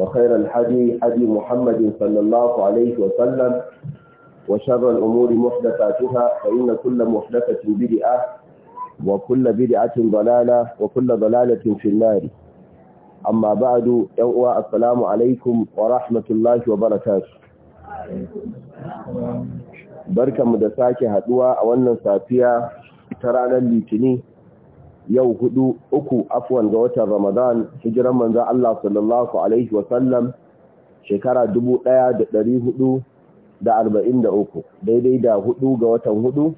وخير الحدي حدي محمد صلى الله عليه وسلم وشر الأمور محدثاتها فإن كل محدثة بدعة وكل بدعة ضلالة وكل ضلالة في النار أما بعد يوء السلام عليكم ورحمة الله وبركاته بركة مدساكي هدوى أولا سافية ترانا الليتني yau hudu uku afwan ga watan Ramadan hijiran manza Allah sallallahu alaihi wa sallam shekara 1443 daidai da hudu ga watan hudu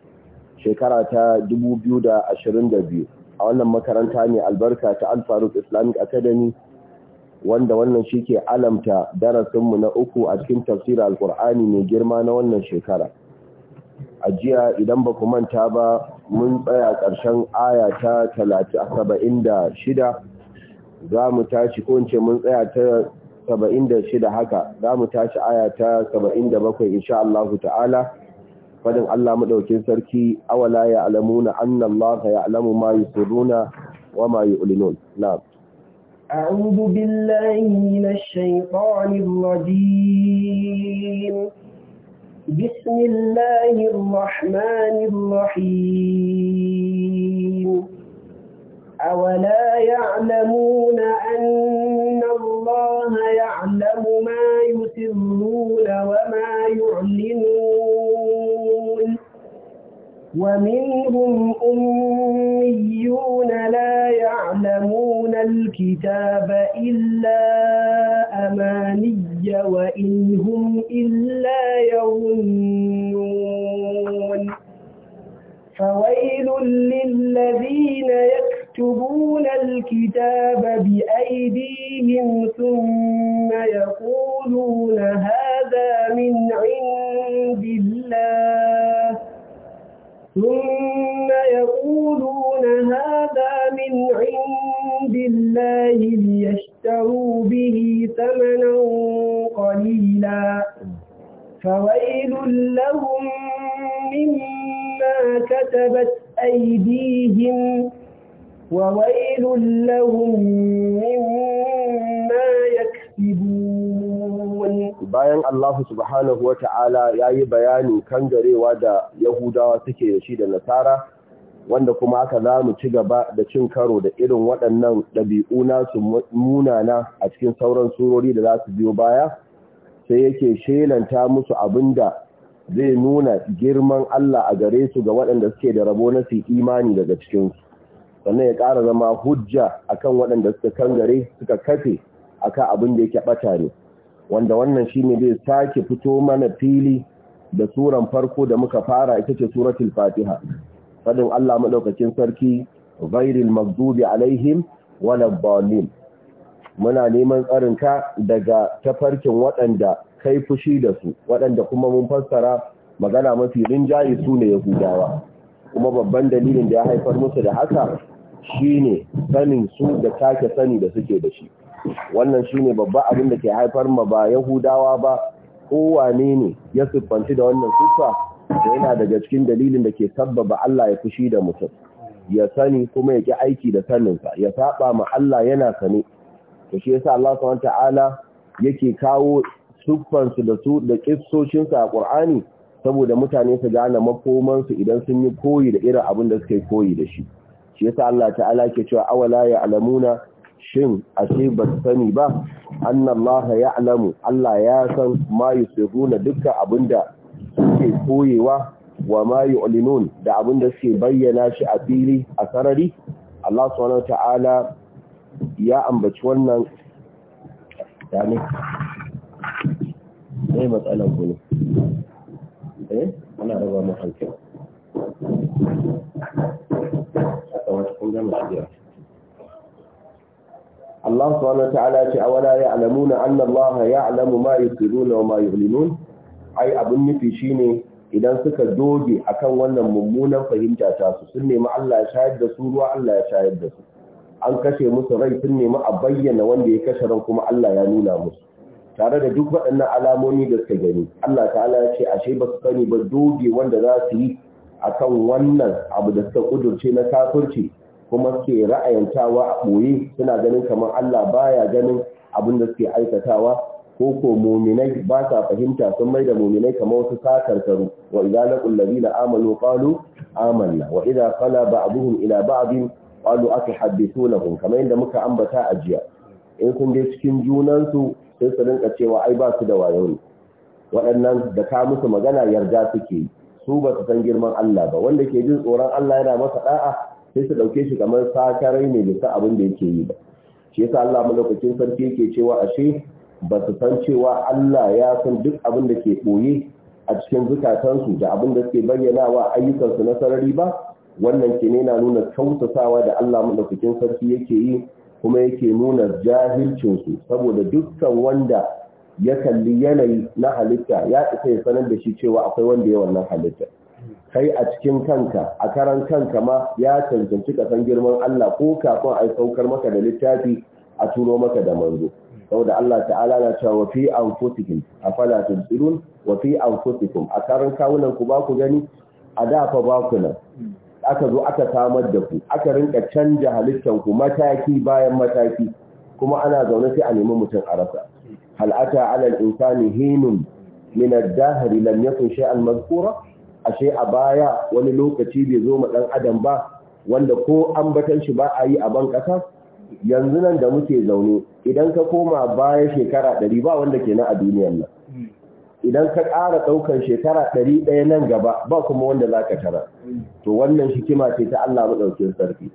shekara ta 2022 a wannan makaranta ne albarka ta alfaruk Islamic Academy wanda wannan shi ke alamta darasinmu na uku a cikin tafsirar al mai girma na wannan shekara a jiya idan ba ku manta ba mun tsaya ƙarshen aya ta saba'in da shida za mu tashi ko ce mun tsaya ta saba'in da shida haka za mu tashi aya ta saba'in da bakwai insha Allahu ta'ala fadin Allah maɗaukin sarki awala ya alamuna anna Allah ya alamu ma yusiruna wa ma yu'linun na'am أعوذ بالله من الشيطان الرجيم بسم الله الرحمن الرحيم أولا يعلمون أن الله يعلم ما يسرون وما يعلنون ومنهم أميون لا يعلمون الكتاب إلا أماني الحي وإن هم إلا يظنون فويل للذين يكتبون الكتاب بأيديهم ثم يقولون هذا من عند الله ثم يقولون هذا من عند الله ليشتروا به ثمنا قليلا فويل لهم مما كتبت أيديهم وويل لهم مما يكسبون bayan Allah subhanahu wa ta'ala ya yi bayani kan garewa da Yahudawa suke da shi da Nasara wanda kuma haka za mu ci gaba da cin karo da irin waɗannan ɗabi'u nasu munana a cikin sauran surori da za su biyo baya sai yake shelanta musu abin da zai nuna girman Allah a gare su ga waɗanda suke da rabo na su imani daga cikinsu sannan ya ƙara zama hujja akan waɗanda suka gare suka kafe akan abin da yake ɓata ne wanda wannan shine zai sake fito mana fili da suran farko da muka fara ita ce suratul fatiha fadin Allah madaukakin sarki bairil magdubi alaihim waladdallin muna neman tsarinka daga tafarkin waɗanda kai fushi da su waɗanda kuma mun fassara magana mafi rinjaye su ne yahudawa kuma babban dalilin da ya haifar musu da haka shine sanin su da take sani da suke da shi wannan shine babban abin da ke haifar ma ba yahudawa ba kowane ne ya siffanci da wannan siffa yana daga cikin dalilin da ke sabbaba Allah ya fushi da mutum ya sani kuma ya ki aiki da saninsa ya saba ma Allah yana sane to shi yasa Allah subhanahu ta'ala yake kawo sufan su da su da a Qur'ani saboda mutane su gane makomansu idan sun yi koyi da irin abin da suke koyi da shi shi yasa Allah ta'ala ke cewa awala ya alamuna shin ashe ba sani ba annallaha ya'lamu Allah ya san ma yusiruna dukkan da. suke koyewa wa ma olinon da abin da suke bayyana shi a fili a sarari Allah subhanahu ta'ala ya ambaci wannan dani zai matsalan ku eh ana raba mu hankali Allah subhanahu wa ta'ala ya ce awala ya'lamuna anna Allah ya'lamu ma yusirruna wa ma yu'linun ai abin nufi shine idan suka doge akan wannan mummunan fahimta ta su sun nemi Allah ya shayar da su ruwa Allah ya shayar da su an kashe musu rai sun nemi a bayyana wanda ya kashe ran kuma Allah ya nuna musu tare da duk waɗannan alamomi da suka gani Allah ta'ala ya ce ashe ba su sani ba doge wanda za su yi akan wannan abu da suka kudurce na kafirci kuma suke ra'ayantawa a ɓoye suna ganin kamar Allah baya ganin abin da suke aikatawa ko ko muminai ba sa fahimta sun mai da muminai kamar wasu sakarkaru wa idza laqul ladina amanu qalu amanna wa idza qala ba'dhum ila ba'din qalu atuhaddithunahum kamar yadda muka ambata a jiya in sun je cikin junansu sai su rinka cewa ai ba su da wayo ne waɗannan da ka musu magana yarda suke su ba su san girman Allah ba wanda ke jin tsoron Allah yana masa da'a sai su ɗauke shi kamar sakarai ne bisa abin da yake yi ba shi yasa Allah malaukakin sarki yake cewa ashe ba su san cewa Allah ya san duk abin da ke ɓoye a cikin zukatansu da abin da suke wa ayyukansu na sarari ba wannan ke na nuna kautasawa da Allah maɗaukakin sarki yake yi kuma yake nuna jahilcinsu saboda dukkan wanda ya kalli yanayi na halitta ya isa ya sanar da shi cewa akwai wanda ya wannan halitta kai a cikin kanka a karan kanka ma ya cancanci kasan girman Allah ko kafin a yi saukar maka da littafi a turo maka da manzo saboda Allah ta'ala na cewa wa fi anfusikum afala tubsirun wa fi anfusikum a karan kawunan ku ba ku gani a da fa ba ku nan aka zo aka samar da ku aka rinka canja halittan ku mataki bayan mataki kuma ana zaune sai a nemi mutum a rasa hal ata ala al-insani hinun min ad-dahr lam yakun shay'an mazkura ashe a baya wani lokaci bai zo ma dan adam ba wanda ko ambatan shi ba a yi a ban kasa yanzu nan da muke zaune idan ka koma baya shekara ɗari ba wanda ke na a duniyan nan idan ka ƙara ɗaukar shekara ɗari ɗaya nan gaba ba kuma wanda za ka tara to wannan hikima ce ta Allah maɗaukin sarki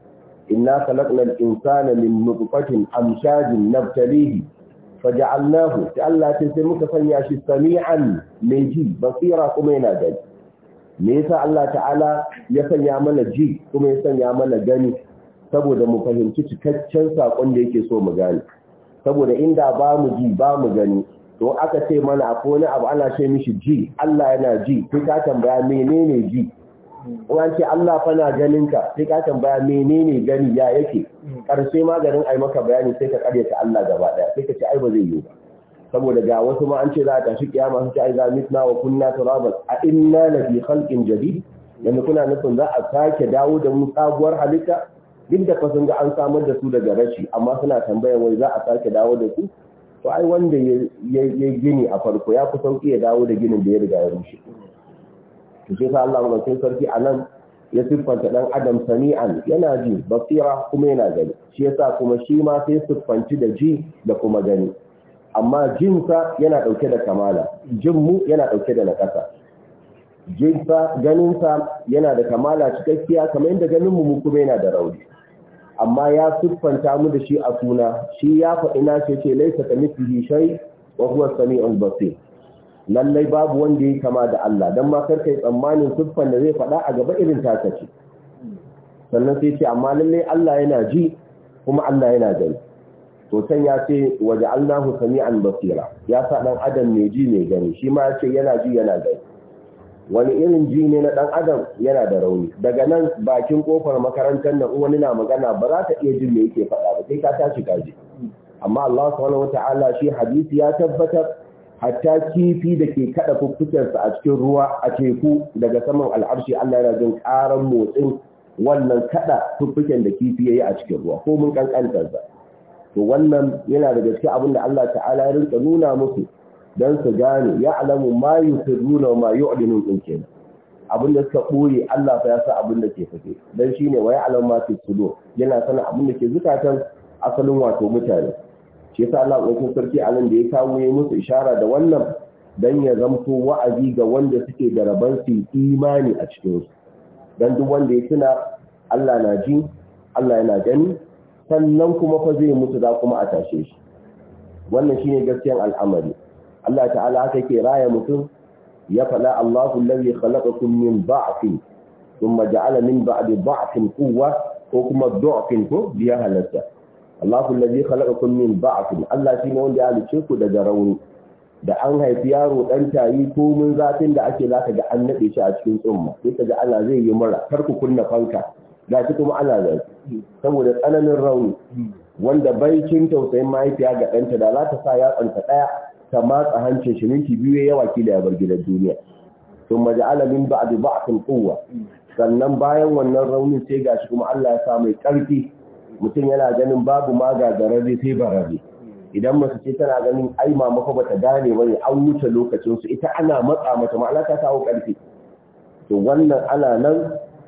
inna in insana min nutfatin amshajin nabtalihi Allahu, ta Allah ce sai muka sanya shi sami'an mai ji basira kuma yana gani me yasa Allah ta'ala ya sanya mana ji kuma ya sanya mana gani saboda mu fahimci cikakken sakon da yake so mu gane saboda inda ba mu ji ba mu gani to aka ce mana akwai wani abu ana ce mishi ji Allah yana ji sai ka tambaya menene ji an ce Allah fa na ganin ka sai ka tambaya menene gani ya yake karshe maganin ai maka bayani sai ka karyata Allah gaba daya sai ka ce ai ba zai yi ba saboda ga wasu ma an ce za a tashi kiyama sun ce ai za mitna wa kunna turaban a inna la fi khalqin jadid yanzu kuna nufin za a sake dawo da mu sabuwar halitta duk da kasan ga an samar da su daga rashi amma suna tambayan wai za a sake dawo da su to ai wanda ya gini a farko ya fi sauki ya dawo da ginin da ya riga ya rushe to sai sa Allah sarki a nan ya siffanta dan adam sami'an yana ji basira kuma yana gani shi yasa kuma shi ma sai siffanci da ji da kuma gani amma jinsa yana dauke da kamala jinmu yana dauke da nakasa jinsa ganinsa yana da kamala cikakkiya kamar yadda ganinmu mu kuma yana da rauni amma ya siffanta mu da shi a suna shi ya faɗi na ce ce laisa ka mithlihi shay wa huwa samiul basir lallai babu wanda yake kama da Allah dan ma kar tsammanin siffan da zai faɗa a gaba irin ta kace sannan sai ce amma lallai Allah yana ji kuma Allah yana gani to can ya ce waja'alnahu sami'an basira ya sa dan adam mai ji mai gani shi ma ya ce yana ji yana gani wani irin ji ne na ɗan adam yana da rauni daga nan bakin kofar makarantar nan wani na magana ba za ta iya jin me yake faɗa ba sai ka tashi ka ji amma Allah subhanahu wata'ala shi hadisi ya tabbatar hatta kifi da ke kada kuffutarsa a cikin ruwa a teku daga saman al'arshi Allah yana jin ƙaran motsin wannan kada kuffuken da kifi yayi a cikin ruwa ko mun kankantar sa to wannan yana daga cikin abin da Allah ta'ala ya rinka nuna musu dan su gane ya alamu ma yusirruna ma yu'linun din abin da suka ɓoye Allah fa ya sa abin da ke fake dan shine wa ya alamu ma su yana sanin abin da ke zukatan asalin wato mutane shi yasa Allah sarki a da ya kawo ya musu ishara da wannan dan ya zamto wa'azi ga wanda suke da rabon su imani a cikin su dan duk wanda ya tuna Allah na ji Allah yana gani sannan kuma fa zai mutu da kuma a tashe shi wannan shine gaskiyan al'amari Allah ta'ala haka ke raya mutum ya faɗa Allahu allazi khalaqakum min dha'fin thumma ja'ala min ba'di dha'fin quwwa ko kuma dha'fin ko biya halatta Allahu allazi khalaqakum min dha'fin Allah shine wanda ya halice ku daga rauni da an haifi yaro dan tayi ko mun zafin da ake zaka ga an nade shi a cikin tsumma sai kaga Allah zai yi mura kar ku kunna fanka ga shi kuma ana zafi saboda tsananin rauni hmm. wanda bai cin tausayin mahaifiya ga ɗanta da za ta sa yatsanta ɗaya ta matsa hancin shi minti biyu ya yawa kila ya bar gidan duniya sun a min ba kan kowa. sannan bayan wannan raunin sai gashi kuma Allah ya sa mai karfi mutum yana ganin babu magagararre sai barari. idan masu ce tana ganin ai mama ba bata gane bane an wuce lokacinsu, ita ana matsa mata ma'ana ta kawo karfi to wannan ana nan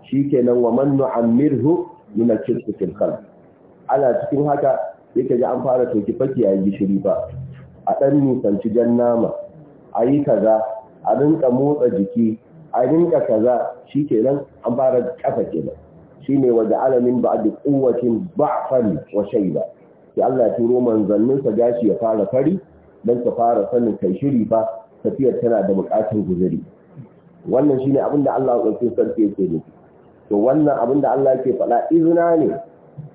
shi shikenan wa man nu'ammirhu min al-khisfi khalq ala cikin haka yake ji an fara toki faki yi gishiri ba a ɗan nisanci jan nama a yi kaza a rinka motsa jiki a rinka kaza shi kenan an fara ƙasa kenan shi ne wa alamin ba a da ƙuwacin ba'fan wa shaida sai Allah ya turo manzanninsa gashi ya fara fari don ka fara sanin kai shiri ba tafiyar tana da buƙatar guzuri wannan ne abin da Allah ya ɗauke sarki yake nufi to wannan abin da Allah yake faɗa izina ne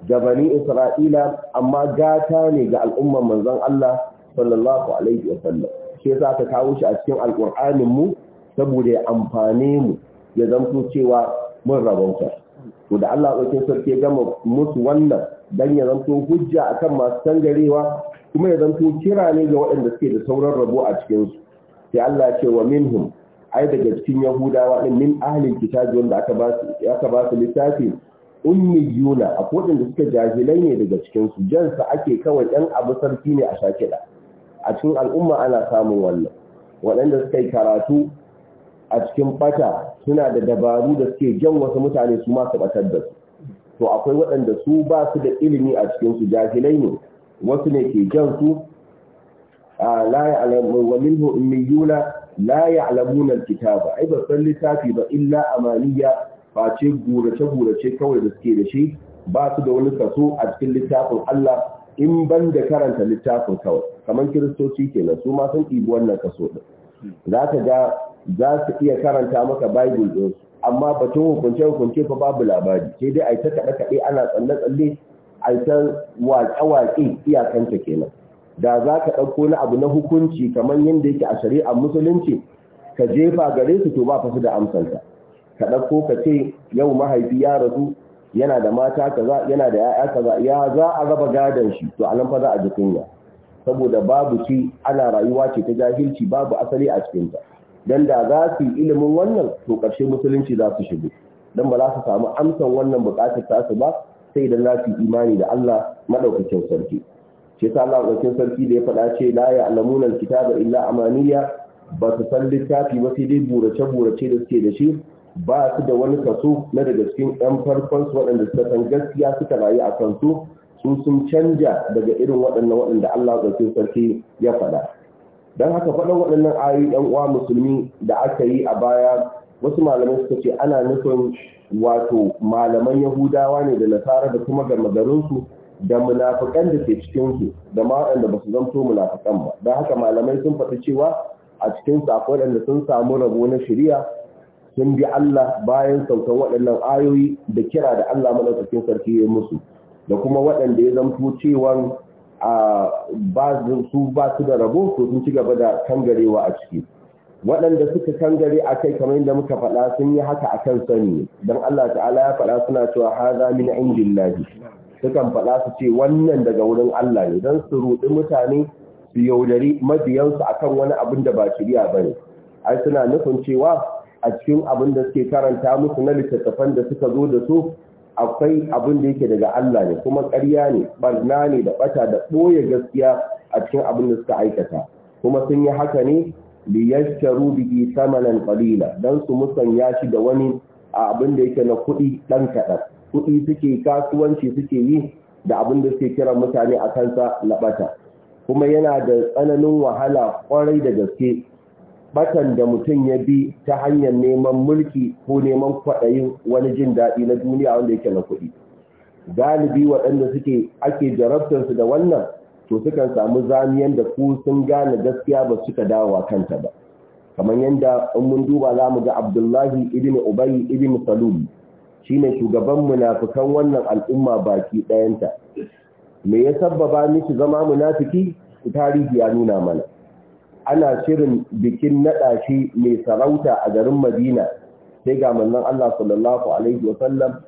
ga bani Isra'ila amma gata ne ga al'ummar manzon Allah sallallahu alaihi wa sallam shi yasa ta kawo shi a cikin alqur'anin mu saboda ya amfane mu ya zanto cewa mun rabauta to da Allah ɗaukin sarki ya gama musu wannan dan ya zanto hujja akan masu tangarewa kuma ya zanto kira ne ga waɗanda suke da sauran rabo a cikin su sai Allah ce wa minhum ai daga cikin Yahudawa din min ahlin kitabi wanda aka ba su aka ba su littafi ummiyuna akwai waɗanda suka jahilai ne daga cikin su jansa ake kawai ɗan abu sarki ne a shakida a cikin al'umma ana samun wannan waɗanda suka yi karatu a cikin bata suna da dabaru da suke jan wasu mutane su masu batar da su to akwai waɗanda su ba su da ilimi a cikin su jahilai ne wasu ne ke jan su a laye alamun wa minhu ba la ya'lamuna alkitaba ai ba san littafi ba illa amaniya face gurace gurace kawai da suke da shi ba su da wani kaso a cikin littafin Allah in ban da karanta littafin kawai kamar kiristoci kenan su ma sun ibi wannan kaso ɗin za ka ga za su iya karanta maka bible ɗin amma batun hukunce hukunce fa babu labari sai dai ai ta kaɗe kaɗe ana tsalle tsalle ai ta waƙe waƙe iyakanta kenan da za ka ɗauko na abu na hukunci kamar yadda yake a shari'ar musulunci ka jefa gare su to ba fa su da amsanta ka ɗauko ka ce yau mahaifi ya rasu yana da mata kaza yana da ya'ya kaza ya za a raba gadon shi to anan fa za a ji kunya saboda babu shi ana rayuwa ce ta jahilci babu asali a cikin ta dan da za su yi ilimin wannan to karshe musulunci za su shigo dan ba za su samu amsan wannan bukatar ta su ba sai da za su yi imani da Allah madaukakin sarki shi yasa Allah madaukakin sarki da ya faɗa ce la ya'lamuna alkitaba illa amaniya ba su san littafi ba sai dai burace burace da suke da shi ba su da wani kaso na daga cikin ɗan farkon su waɗanda suka san gaskiya suka rayu a kan su sun canja daga irin waɗannan waɗanda Allah ɗauke sarki ya faɗa. Don haka faɗin waɗannan ayoyi ɗan uwa musulmi da aka yi a baya wasu malamai suka ce ana nufin wato malaman Yahudawa ne da Nasara da kuma gama garinsu da munafukan da ke cikinsu da ma waɗanda ba su zanto munafukan ba. Don haka malamai sun faɗi cewa a cikin akwai waɗanda sun samu rabo na shari'a sun bi Allah bayan saukan waɗannan ayoyi da kira da Allah madaukakin sarki ya musu da kuma waɗanda ya zanto cewa ba su ba su da rabo to sun ci gaba da kangarewa a ciki waɗanda suka kangare a kai kamar yadda muka faɗa sun yi haka a kan sani don Allah ta'ala ya faɗa suna cewa haza na indillahi sukan faɗa su ce wannan daga wurin Allah ne don su ruɗi mutane su yaudari mabiyansu akan wani abin da ba shirya ba ne ai suna nufin cewa a cikin abin da suke karanta musu na littattafan da suka zo da su akwai abin da yake daga Allah ne kuma ƙarya ne barna ne da bata da ɓoye gaskiya a cikin abin da suka aikata kuma sun yi haka ne liyashtaru bihi samanan qalila dan su musanya shi da wani abin da yake na kuɗi ɗan kaɗan kuɗi suke kasuwanci suke yi da abin da suke kira mutane a kansa ɓata, kuma yana da tsananin wahala kwarai da gaske batan da mutum ya bi ta hanyar neman mulki ko neman kwaɗayin wani jin daɗi na duniya wanda yake na kuɗi galibi waɗanda suke ake jarabtarsu da wannan to sukan samu zamiyan da ku sun gane gaskiya ba suka dawowa kanta ba kamar yadda in mun duba za mu ga abdullahi ibn ubayi ibn salul shine shugaban munafikan wannan al'umma baki ɗayanta me ya sabbaba miki zama munafiki tarihi ya nuna mana ana shirin bikin naɗa shi mai sarauta a garin madina sai ga manzon Allah sallallahu alaihi wasallam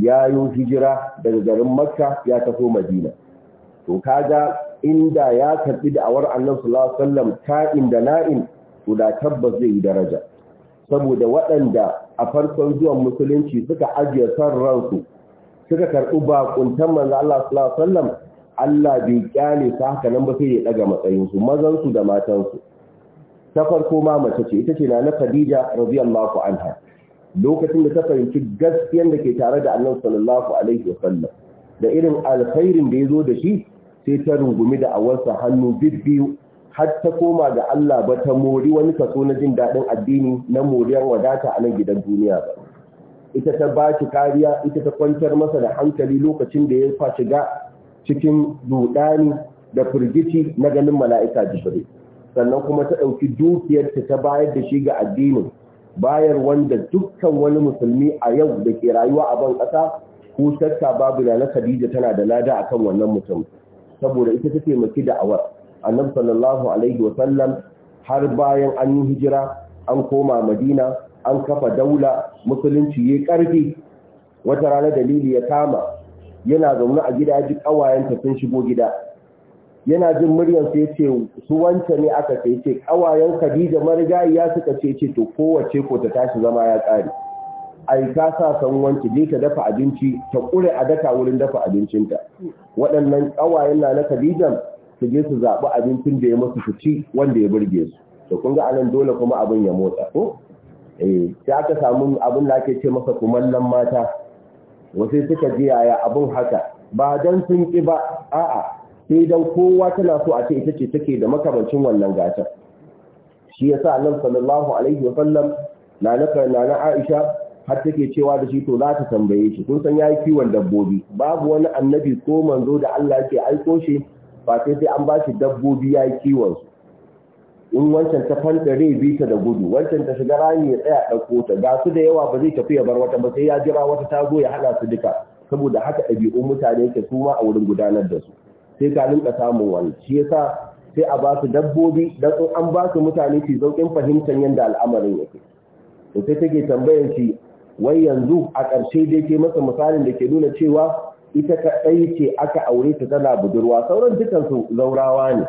ya yi hijira daga garin makka ya tafi madina to kaga inda ya karbi da'awar annabi sallallahu alaihi wasallam da na'in to da tabbas zai yi daraja saboda waɗanda a farkon zuwan musulunci suka ajiye san ransu suka karɓi bakuntan manzon Allah sallallahu alaihi wasallam Allah bai kyale ta haka nan ba sai ya daga matsayinsu mazansu da matansu ta farko ma mace ce ita ce na na Khadija radiyallahu anha lokacin da ta fahimci gaskiyar da ke tare da Annabi sallallahu alaihi wasallam da irin alkhairin da yazo da shi sai ta rungumi da awarsa hannu bibbiyu har ta koma ga Allah ba ta mori wani kaso na jin daɗin addini na moriyar wadata a nan gidan duniya ba ita ta ba shi kariya ita ta kwantar masa da hankali lokacin da ya fa shiga cikin duɗani da firgici na ganin mala'ika jibril sannan kuma ta ɗauki dukiyarta ta bayar da shi ga addinin bayar wanda dukkan wani musulmi a yau da ke rayuwa a ban ƙasa ko shakka babu na Khadija tana da lada akan wannan mutum saboda ita ta taimaki da'awar annab sallallahu alaihi wasallam har bayan an yi hijira an koma Madina an kafa daula musulunci ya karfi wata rana dalili ya kama yana zaune a gida ji kawayenta sun shigo gida yana jin muryar sai ce su wanta ne aka sai ce ƙawayen Khadija marigayiya suka ce ce to kowace ko ta tashi zama ya kare ai ka sa san wanki je ta dafa abinci ta kure a daka wurin dafa abincinta waɗannan ƙawayen na na Khadija su je su zaɓi abincin da ya musu su ci wanda ya burge su to kun ga anan dole kuma abin ya motsa ko eh sai aka samu abin da ake ce masa kumallan mata wasu suka ji yaya abin haka ba dan sun ƙi ba a'a sai don kowa tana so a ce ita ce take da makamancin wannan gatan shi ya sa nan sallallahu alaihi wasallam na na Aisha har take cewa da shi to za ta tambaye shi kun san yayi kiwon dabbobi babu wani annabi ko manzo da Allah yake aiko shi ba sai sai an shi dabbobi yayi kiwon su in wancan ta fantare bi ta da gudu wancan ta shiga rami ya tsaya ɗauko ta ga su da yawa ba zai tafi ya bar wata ba sai ya jira wata ta zo ya haɗa su duka saboda haka ɗabi'un mutane yake su ma a wurin gudanar da su sai ka rinka samun wani shi yasa sai a ba su dabbobi dan in an ba su mutane su sauƙin fahimtar yadda al'amarin yake to sai take tambayar shi wai yanzu a ƙarshe dai ke masa misalin da ke nuna cewa ita kaɗai ce aka aure ta tana budurwa sauran dukansu zaurawa ne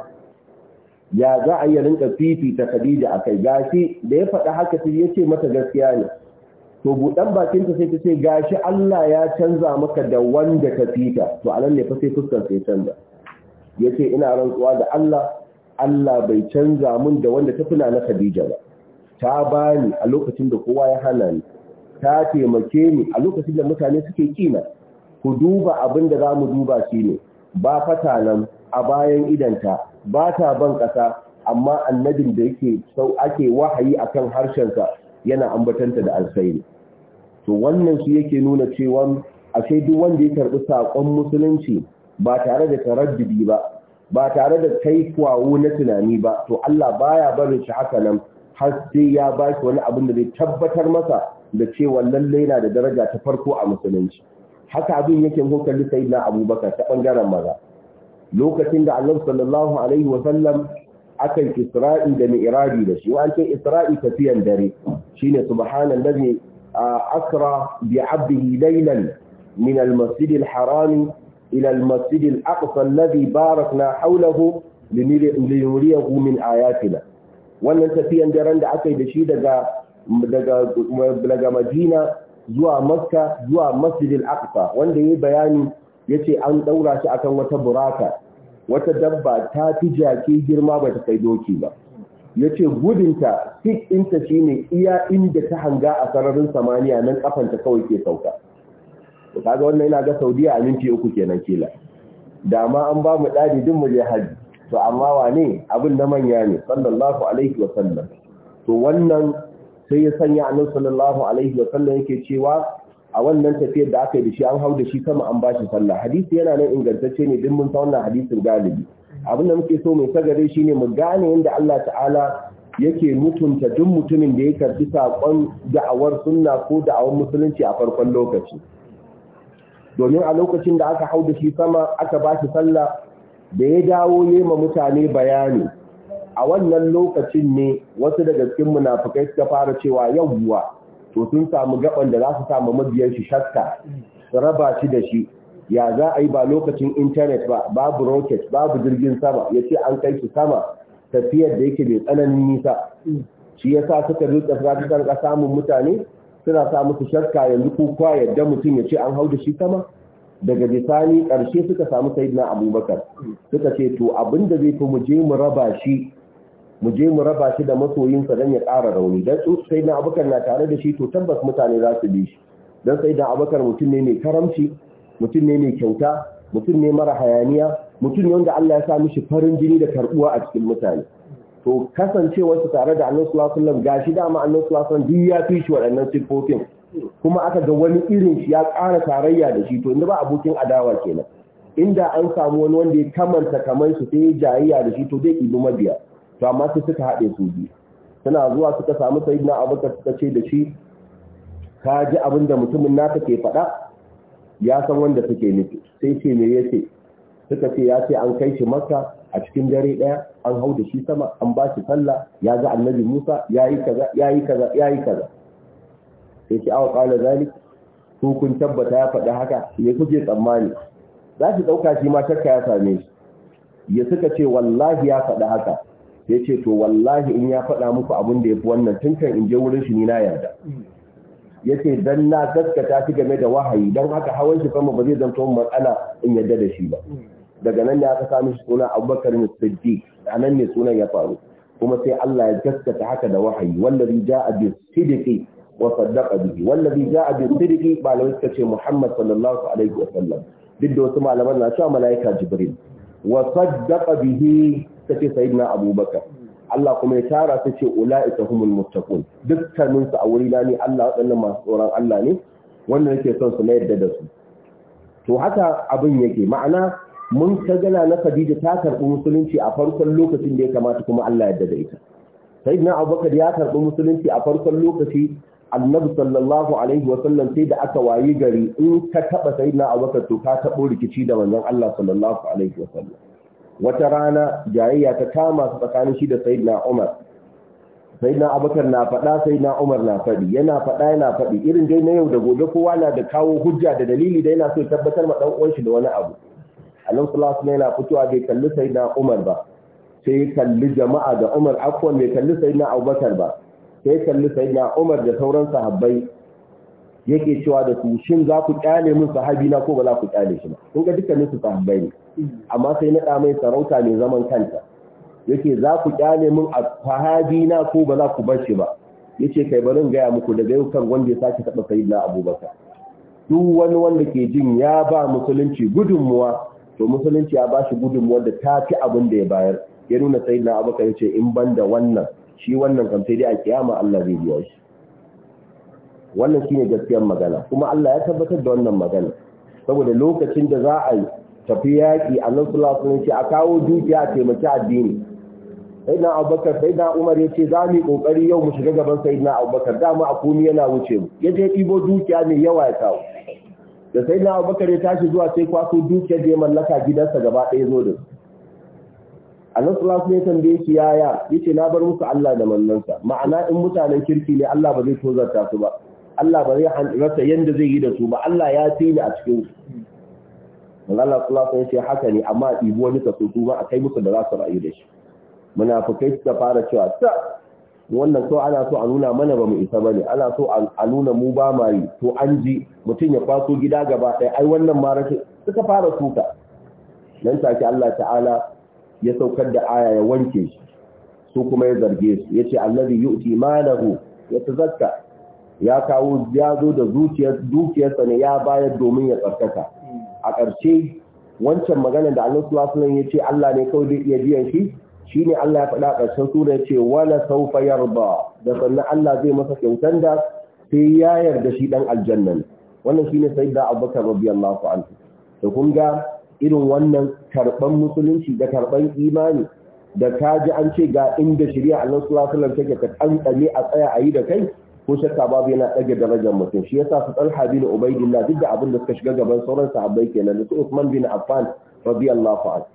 ya za a yi rinka fifita Khadija kai gashi da ya faɗa haka sai ya ce mata gaskiya ne to buɗan bakinta sai ta ce gashi Allah ya canza maka da wanda ka fita to anan ne fa sai fuskar sai canza yace ina rantsuwa da Allah Allah bai canza mun da wanda ta fina na Khadija ba ta bani a lokacin da kowa ya hana ni ta taimake ni a lokacin da mutane suke kina ku duba abin da za mu duba shi ne. ba fata nan a bayan idanta ba ta ban ƙasa amma annabin da yake sau ake wahayi a kan harshensa yana ambatanta da alsairi to wannan su yake nuna cewa sai duk wanda ya karɓi saƙon musulunci ba tare da taraddudi ba ba tare da kai na tunani ba to Allah baya barin shi haka nan har sai ya ba shi wani abin da zai tabbatar masa da cewa lallai na da daraja ta farko a musulunci haka abin yake hukunta na Abubakar ta bangaren maza lokacin da annabi sallallahu alaihi wa sallam akan isra'i da mi'raji da shi wa'an ce isra'i tafiyan dare shine subhanallazi asra bi 'abdihi laylan min al-masjid al-haram ila al-masjid al-aqsa barakna hawlahu linuriyahu min ayatina wannan tafiyan daren da aka yi da shi daga daga Madina zuwa Makka zuwa masjidil aqsa wanda yayi bayani yace an daura shi akan wata buraka wata dabba ta fi jaki girma ba ta kai doki ba ya ce gudunta tik ɗinta shi ne iya inda ta hanga a sararin samaniya nan kafanta kawai ke sauka kaga wannan yana ga saudiya a minti uku kenan kila da ma an ba mu ɗadi din mu je hajji to amma wane abin da manya ne sallallahu alaihi wa sallam to wannan sai ya sanya annabi sallallahu alaihi wa sallam yake cewa a wannan tafiyar da aka yi da shi an hau da shi sama an bashi sallah hadisi yana nan ingantacce ne din mun san wannan hadisin galibi abin da muke so mai sagare shine mu gane yadda Allah ta'ala yake mutunta duk mutumin da ya karbi sakon da'awar sunna ko da'awar musulunci a farkon lokaci domin a lokacin da aka hau da shi sama aka ba shi sallah da ya dawo ne ma mutane bayani a wannan lokacin ne wasu daga cikin munafukai suka fara cewa yawwa to sun samu gaban da za su samu mabiyan shi shakka su raba shi da shi ya za a yi ba lokacin intanet ba babu rocket babu jirgin sama ya ce an kai su sama tafiyar da yake mai tsananin nisa shi ya sa suka rutsa firafikan ka samun mutane suna sa musu shakka yanzu ko kwa yadda mutum ya ce an hau da shi sama daga bisani ƙarshe suka samu sayidina abubakar suka ce to abin da zai fi mu je mu raba shi mu je mu raba shi da masoyinsa don ya ƙara rauni don su sai na abokan na tare da shi to tabbas mutane za su bi shi don sai da abakar mutum ne mai karamci mutum ne mai kyauta mutum ne mara hayaniya mutum ne wanda Allah ya sa mishi farin jini da karbuwa a cikin mutane to kasancewar su tare da Annabi sallallahu alaihi wasallam gashi dama Annabi sallallahu alaihi wasallam duk ya fi shi waɗannan sifofin kuma aka ga wani irin shi ya ƙara tarayya da shi to inda ba abokin adawa kenan inda an samu wani wanda ya kamanta kamar su sai jayayya da shi to zai ibi mabiya to amma sai suka haɗe su biyu suna zuwa suka samu sayyidina abubakar suka ce da shi ka ji abin da mutumin naka ke faɗa ya san wanda suke nufi sai ce me yace suka ce ya ce an kai shi makka a cikin dare ɗaya an hau da shi sama an ba shi sallah ya ga annabi musa ya yi kaza ya yi kaza ya kaza sai ce awa ƙala zalik ko kun tabbata ya faɗi haka ya kuke tsammani za shi ɗauka shi ma shakka ya same shi ya suka ce wallahi ya faɗi haka ya ce to wallahi in ya faɗa muku abin da ya fi wannan tun kan in je wurin shi ni na yarda ya ce dan na gaskata shi game da wahayi don haka hawan shi sama ba zai zanto matsala in yarda da shi ba daga nan ne aka sami shi suna abubakar ne siddiq a nan ne sunan ya faru kuma sai Allah ya gaskata haka da wahayi wallazi ja'a bi siddiqi wa saddaqa bihi wallazi ja'a bi siddiqi malamai suka ce Muhammad sallallahu alaihi wa sallam duk da wasu malaman na cewa malaika Jibril wa saddaqa bihi ta ce sayyidina abubakar Allah kuma ya tara su ce ula'ika humul muttaqun dukkanin su a wuri na ne Allah waɗannan masu tsoron Allah ne wannan yake son su na yadda da su to haka abin yake ma'ana mun ta gana na Khadija ta karɓi musulunci a farkon lokacin da ya kamata kuma Allah ya da ita sayyidina Abubakar ya karɓi musulunci a farkon lokaci Annabi sallallahu alaihi wa sallam sai da aka wayi gari in ka taba sayyidina Abubakar to ka tabo rikici da manzon Allah sallallahu alaihi wa sallam wata rana jayayya ta kama su tsakanin shi da sayyidina Umar sayyidina Abubakar na faɗa sayyidina Umar na faɗi yana faɗa yana faɗi irin dai na yau da gobe kowa na da kawo hujja da dalili da yana so ya tabbatar ma dan uwan shi da wani abu Allah sallallahu alaihi yana fitowa bai kalli sayyidina Umar ba sai ya kalli jama'a da Umar akwai bai kalli sayyidina Abubakar ba sai ya kalli sayyidina Umar da sauran sahabbai yake cewa da su shin za ku kyale min sahabi na ko ba za ku kyale shi ba kun ga dukkanin su sahabbai ne amma sai na mai sarauta ne zaman kanta yake za ku kyale min a sahabi na ko ba za ku bar shi ba yace kai barin gaya muku daga yau kan wanda ya sake taba sayyidina abubakar duk wani wanda ke jin ya ba musulunci gudunmuwa to musulunci ya ba shi gudunmuwa da ta fi abin da ya bayar ya nuna sayyidina abubakar yace in ban da wannan shi wannan kam dai a kiyama Allah zai biya shi wannan shi ne gaskiyar magana kuma Allah ya tabbatar da wannan magana saboda lokacin da za a tafi yaƙi a sallallahu alaihi ce a kawo dukiya a taimaki addini Sai na Abubakar sai na Umar ya ce za mu yi ƙoƙari yau mu shiga gaban na Abubakar dama a komi yana wuce mu je ɗibo dukiya mai yawa ya kawo da sai na Abubakar ya tashi zuwa sai kwaso dukiyar da ya mallaka gidansa gaba ɗaya zo da su Allah ya alaihi ya, da yake yaya yace na bar musu Allah da mallansa ma'ana in mutanen kirki ne Allah ba zai tozarta su ba Allah ba zai rasa yanda zai yi da su ba Allah ya fi ni a cikin su Allah sallallahu alaihi ce haka ne amma ɗibi wani kaso su ba a kai musu da za su rayu da shi munafikai suka fara cewa ta wannan so ana so a nuna mana ba mu isa ne, ana so a nuna mu ba ma to an ji mutum ya kwaso gida gaba ɗaya ai wannan ma rashin suka fara suka nan take Allah ta'ala ya saukar da aya ya wanke shi su kuma ya zarge su yace allazi yu'ti malahu yatazakka ya kawo ya zo da dukiyarsa ne ya bayar domin ya tsarkaka a ƙarshe wancan magana da Annabi sallallahu ya ce Allah ne kawai zai iya biyan shi shine Allah ya faɗa a ƙarshen sura ya ce wala sawfa yarda da sannan Allah zai masa kyautan da sai ya yarda shi dan aljannan. wannan shine sayyida Abubakar radiyallahu anhu Da kun ga irin wannan karban musulunci da karban imani da ka ji an ce ga inda shari'a Allah sallallahu alaihi take ka kankane a tsaya a yi da kai ko shakka babu yana ɗage darajar mutum shi yasa su talha bin ubaidillah duk da abin da suka shiga gaban sauran sahabbai kenan da su usman bin affan radiyallahu anhu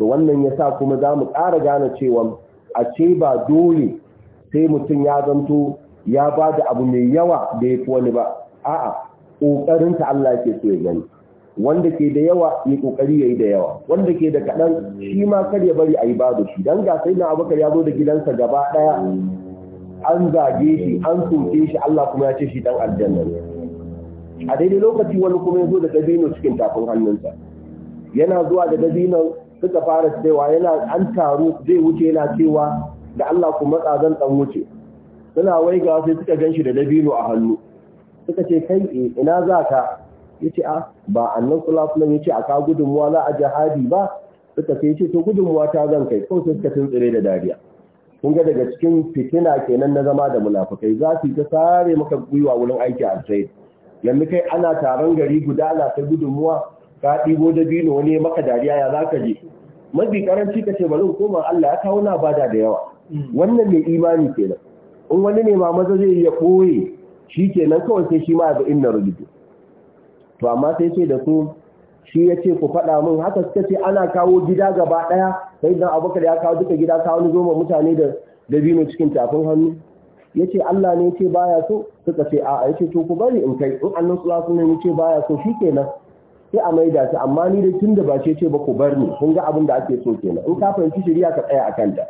to wannan yasa kuma za mu ƙara gane cewa a ce ba dole sai mutum ya zanto ya ba da abu mai yawa da ya fi wani ba a'a ƙoƙarinta Allah ke so ya gani wanda ke da yawa ya kokari yayi da yawa wanda ke da kaɗan, shi ma kar ya bari ayi da shi dan ga sai na ya zo da gidansa gaba ɗaya. an zage shi an soke shi Allah kuma ya ce shi dan aljanna a daidai lokaci wani kuma ya zo da dabino cikin tafin hannunsa yana zuwa da dabino suka fara cewa yana an taru zai wuce yana cewa da Allah kuma tsazan dan wuce suna waiga sai suka ganshi da dabino a hannu suka ce kai eh, ina za ka yace ah, a ba annan sallallahu ne yace aka gudunmuwa za a jihadi ba suka ce yace to gudunmuwa ta zan kai ko sai suka tuntsire da dariya kun ga daga cikin fitina kenan na zama da munafukai za su ta sare maka gwiwa wurin aiki a sai yanzu kai ana taron gari guda ana ta gudunmuwa ka ɗibo da bino wani maka dariya ya za ka je mafi karanci ka ce ba zan koma Allah ya kawo na bada da yawa mm. wannan mai imani kenan in wani ne ma maza zai iya koye shi kenan kawai sai shi ma ya ga inna rubutu to amma sai ce da su shi ya ce ku faɗa min haka suka ce ana kawo gida gaba ɗaya sai idan abubakar ya kawo duka gida kawo ni zoma mutane da dabino cikin tafin hannu ya ce Allah ne ce baya so suka ce a'a ya ce to ku bari in kai in annan sulasu ya ce baya so shi kenan sai a maida amma ni da tun da ba ce ce ba ku bar ni kun ga abin da ake so kenan in ka fahimci shari'a ka tsaya a kanta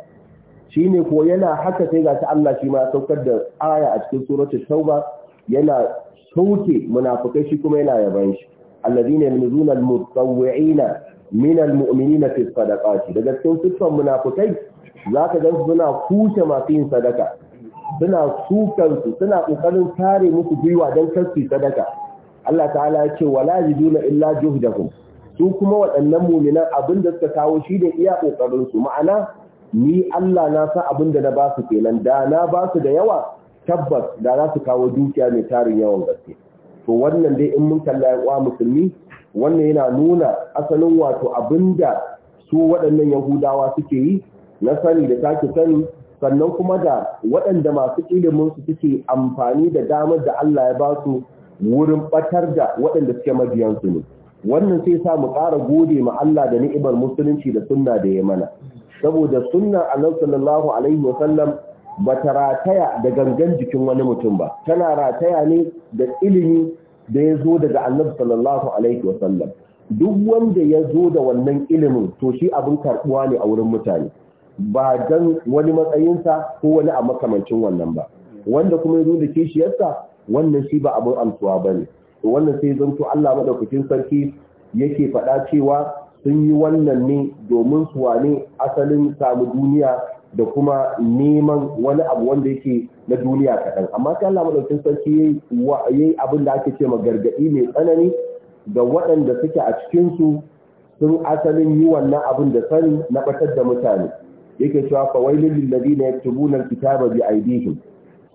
ne ko yana haka sai ga Allah shi ma saukar da aya a cikin suratul tauba yana sauke munafikai shi kuma yana yaban shi alladhina yalmizuna almutawwi'ina min almu'minina fi sadaqati daga cikin sifan munafikai zaka ga suna kushe masu yin sadaka suna sukan su suna kokarin tare musu gwiwa dan kasu sadaka Allah ta'ala ya ce wala yajiduna illa juhdahum su kuma waɗannan muminan abin da suka kawo shi da iya ƙoƙarinsu ma'ana ni Allah na sa abin da na ba su kenan da na ba su da yawa tabbas da za su kawo dukiya mai tarin yawan gaske to wannan dai in mun kalla yan musulmi wannan yana nuna asalin wato abinda su waɗannan yahudawa suke yi na sani da take sani sannan kuma da waɗanda masu ilimin su suke amfani da damar da Allah ya ba su wurin batar da waɗanda suke mabiyansu ne wannan sai sa mu ƙara gode ma Allah da ni'imar musulunci da sunna da ya mana saboda sunna annabi sallallahu alaihi wa sallam ba ta rataya da gangan jikin wani mutum ba tana rataya ne da ilimi da ya zo daga annabi sallallahu alaihi wasallam duk wanda ya zo da wannan ilimin to shi abin karbuwa ne a wurin mutane ba dan wani matsayinsa ko wani a makamancin wannan ba wanda kuma ya zo da kishiyarsa wannan shi ba abin amsuwa ba ne wannan sai zanto Allah madaukakin sarki yake faɗa cewa sun yi wannan ne domin su wane asalin samu duniya da kuma neman wani abu wanda yake na duniya kaɗan amma kala Allah sun sarki yayi abin da ake ce ma gargaɗi mai tsanani ga waɗanda suke a cikin su sun asalin yi wannan abin da sani na batar da mutane yake cewa fa wailul lil ladina yaktubuna alkitaba bi aydihim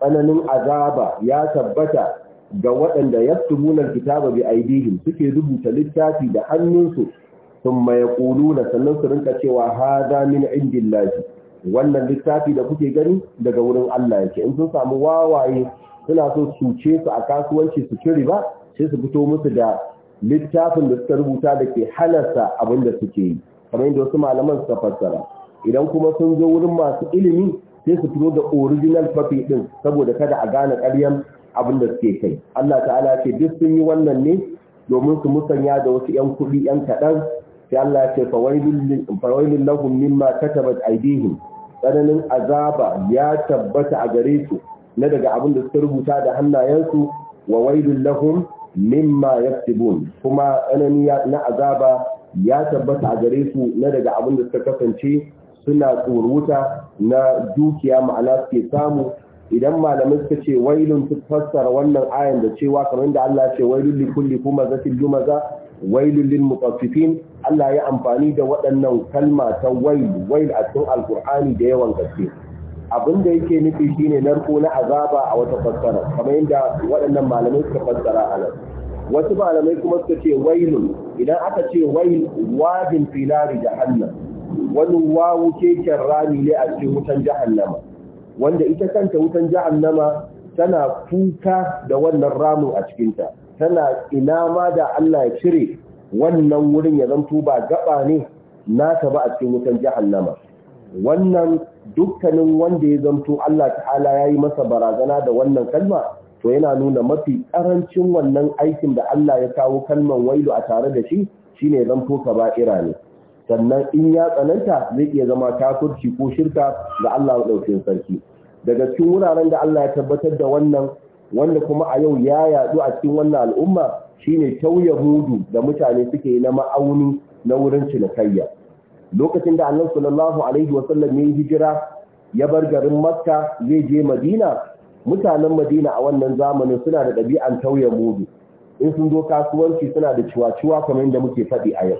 tsananin azaba ya tabbata ga waɗanda yaktubuna alkitaba bi aydihim suke rubuta littafi da hannunsu maya yaquluna sannan su rinka cewa hada min indillahi wannan littafi da kuke gani daga wurin Allah yake in sun samu wawaye suna so su ce su a kasuwanci su ci riba sai su fito musu da littafin da suka rubuta da ke halarta abin da suke yi kamar yadda wasu malaman suka fassara idan kuma sun zo wurin masu ilimi sai su fito da original copy din saboda kada a gane ƙaryan abin da suke kai Allah ta'ala ce duk sun yi wannan ne domin su musanya da wasu 'yan kuɗi 'yan kaɗan sai Allah ya ce fa fawailun lahum mimma katabat aydihim tsananin azaba ya tabbata a gare su na daga abin da suka rubuta da hannayensu wa wailul lahum mimma yaktubun kuma tsanani na azaba ya tabbata a gare su na daga abin da suka kasance suna tsoruta na dukiya ma'ana suke samu idan malamai suka ce wailun su fassara wannan ayan da cewa kamar da Allah ce wailun likulli kulli kuma zatil lumaza Wailu lil mutaffifin Allah ya amfani da waɗannan kalma ta wail wail a cikin alqur'ani da yawan gaske da yake nufi shine narko na azaba a wata fassara kamar yadda waɗannan malamai suka fassara a nan wasu malamai kuma suka ce wailun idan aka ce wail wadin filari jahannam wani wawu keken rami ne a cikin wutan jahannama wanda ita kanta wutan jahannama tana kuka da wannan ramin a cikinta tana ina ma da Allah ya cire wannan wurin ya zanto ba gaba ne nata ba a cikin wutan jahannama wannan dukkanin wanda ya zanto Allah ta'ala ya yi masa barazana da wannan kalma to yana nuna mafi karancin wannan aikin da Allah ya kawo kalman wailu a tare da shi shine ya zanto kaba'ira ne sannan in ya tsananta zai iya zama kafirci ko shirka ga Allah maɗaukin sarki daga cikin wuraren da Allah ya tabbatar da wannan wanda kuma a yau ya yadu a cikin wannan al'umma shine tauye mudu da mutane suke na ma'auni na wurin cinikayya lokacin da annabi sallallahu alaihi wasallam ya hijira ya bar garin makka zai je madina mutanen madina a wannan zamanin suna da ɗabi'an tauye mudu in sun zo kasuwanci suna da ciwa-ciwa kamar yadda muke faɗi a yau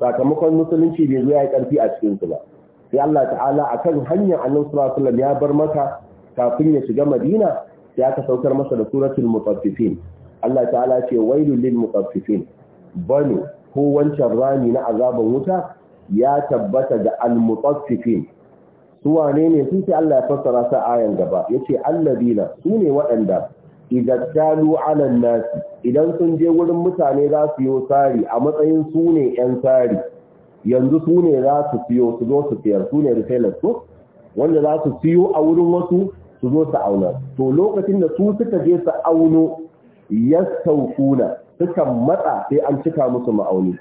sakamakon musulunci bai zo ya yi ƙarfi a cikinsu ba sai Allah ta'ala a kan hanyar alaihi wasallam ya bar maka kafin ya shiga madina sai aka saukar masa da suratul mutaffifin Allah ta'ala ce wailul lil mutaffifin bani ko wancan rani na azaban wuta ya tabbata ga al mutaffifin su wane ne su sai Allah ya fassara sa ayan gaba yace alladina su ne waɗanda idan talu ala nas idan sun je wurin mutane za su yi sari a matsayin su ne yan sari yanzu su ne za su siyo su zo su fiyar su ne retailers ko wanda za su siyo a wurin wasu su zo su auna to lokacin da su suka je su auno yastawquna suka matsa sai an cika musu ma'auni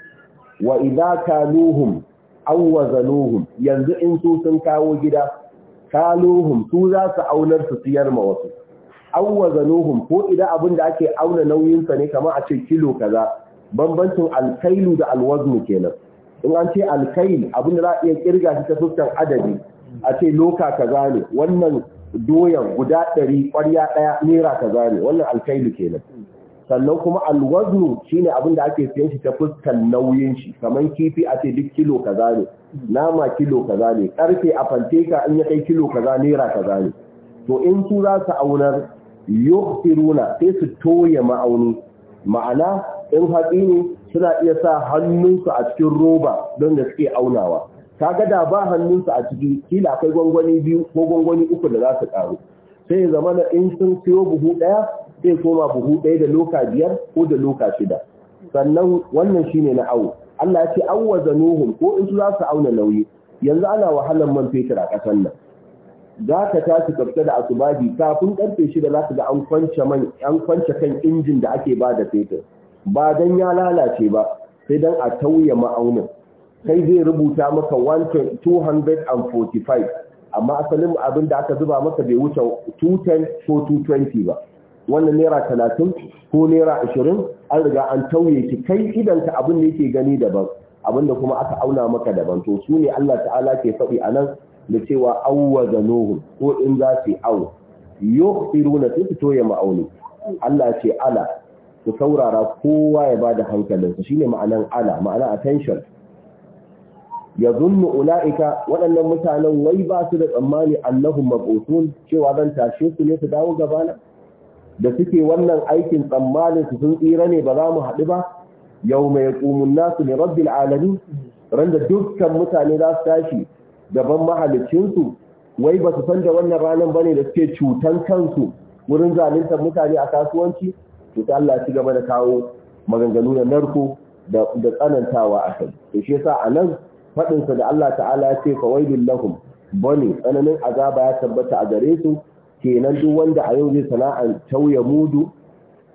wa idza kaluhum aw wazaluhum yanzu in su sun kawo gida kaluhum su za su aunar su siyar ma wasu aw wazaluhum ko idan abin da ake auna nauyin sa ne kamar a ce kilo kaza bambancin alkailu da alwaznu kenan in an ce alkail abin da za a iya kirga shi ta fuskar adadi a ce loka kaza ne wannan doyan guda ɗari ƙwarya ɗaya naira ta zane wannan alkailu kenan sannan kuma alwaznu shine abin da ake siyan shi ta fuskan nauyin shi kamar kifi a ce duk kilo kaza ne nama kilo kaza ne karfe a fanteka in ya kai kilo kaza naira ka zane to in su za su aunar yukhiruna sai su toye ma'auni ma'ana in hatsi ne suna iya sa hannunsu a cikin roba don da suke aunawa ga da ba hannunsa a ciki kila akwai gwangwani biyu ko gwangwani uku da za su karu sai ya zama na in sun siyo buhu ɗaya sai koma buhu ɗaya da loka biyar ko da loka shida sannan wannan shine na awo Allah ya ce awwa zanuhum ko in su za su auna nauyi yanzu ana wahalar man fetur a ƙasar nan za ka tashi kafta da asubahi kafin karfe shida za ka ga an kwance man an kwance kan injin da ake ba da fetur ba dan ya lalace ba sai dan a tauye ma'aunin kai zai rubuta maka 245 amma asalin abin da aka zuba maka bai wuce 210 ko 220 ba wannan naira 30 ko naira 20 an riga an tauye ki kai idan ka abin da yake gani daban abin da kuma aka auna maka daban to su ne Allah ta'ala ke faɗi a nan da cewa awwaza ko in za su au yukhiruna sai fito ya ma'auni Allah ce ala ku saurara kowa ya bada hankalinsa shine ma'anan ala ma'ana attention ya zunnu ula'ika waɗannan mutanen wai ba su da tsammani allahu mabutun cewa zan tashe su ne su dawo gabana da suke wannan aikin tsammanin su sun tsira ne ba za mu haɗu ba yau mai nasu ne rabbil alamin ran da dukkan mutane za su tashi gaban mahalicinsu wai ba su san da wannan ranar ba bane da suke cutan kansu wurin zaluntar mutane a kasuwanci to Allah ci gaba da kawo maganganu da narko da tsanantawa a kai to shi yasa a nan faɗinsa da Allah ta'ala ya ce fawaidul lahum bane tsananin azaba ya tabbata a gare su kenan duk wanda a yau zai sana'an tauya mudu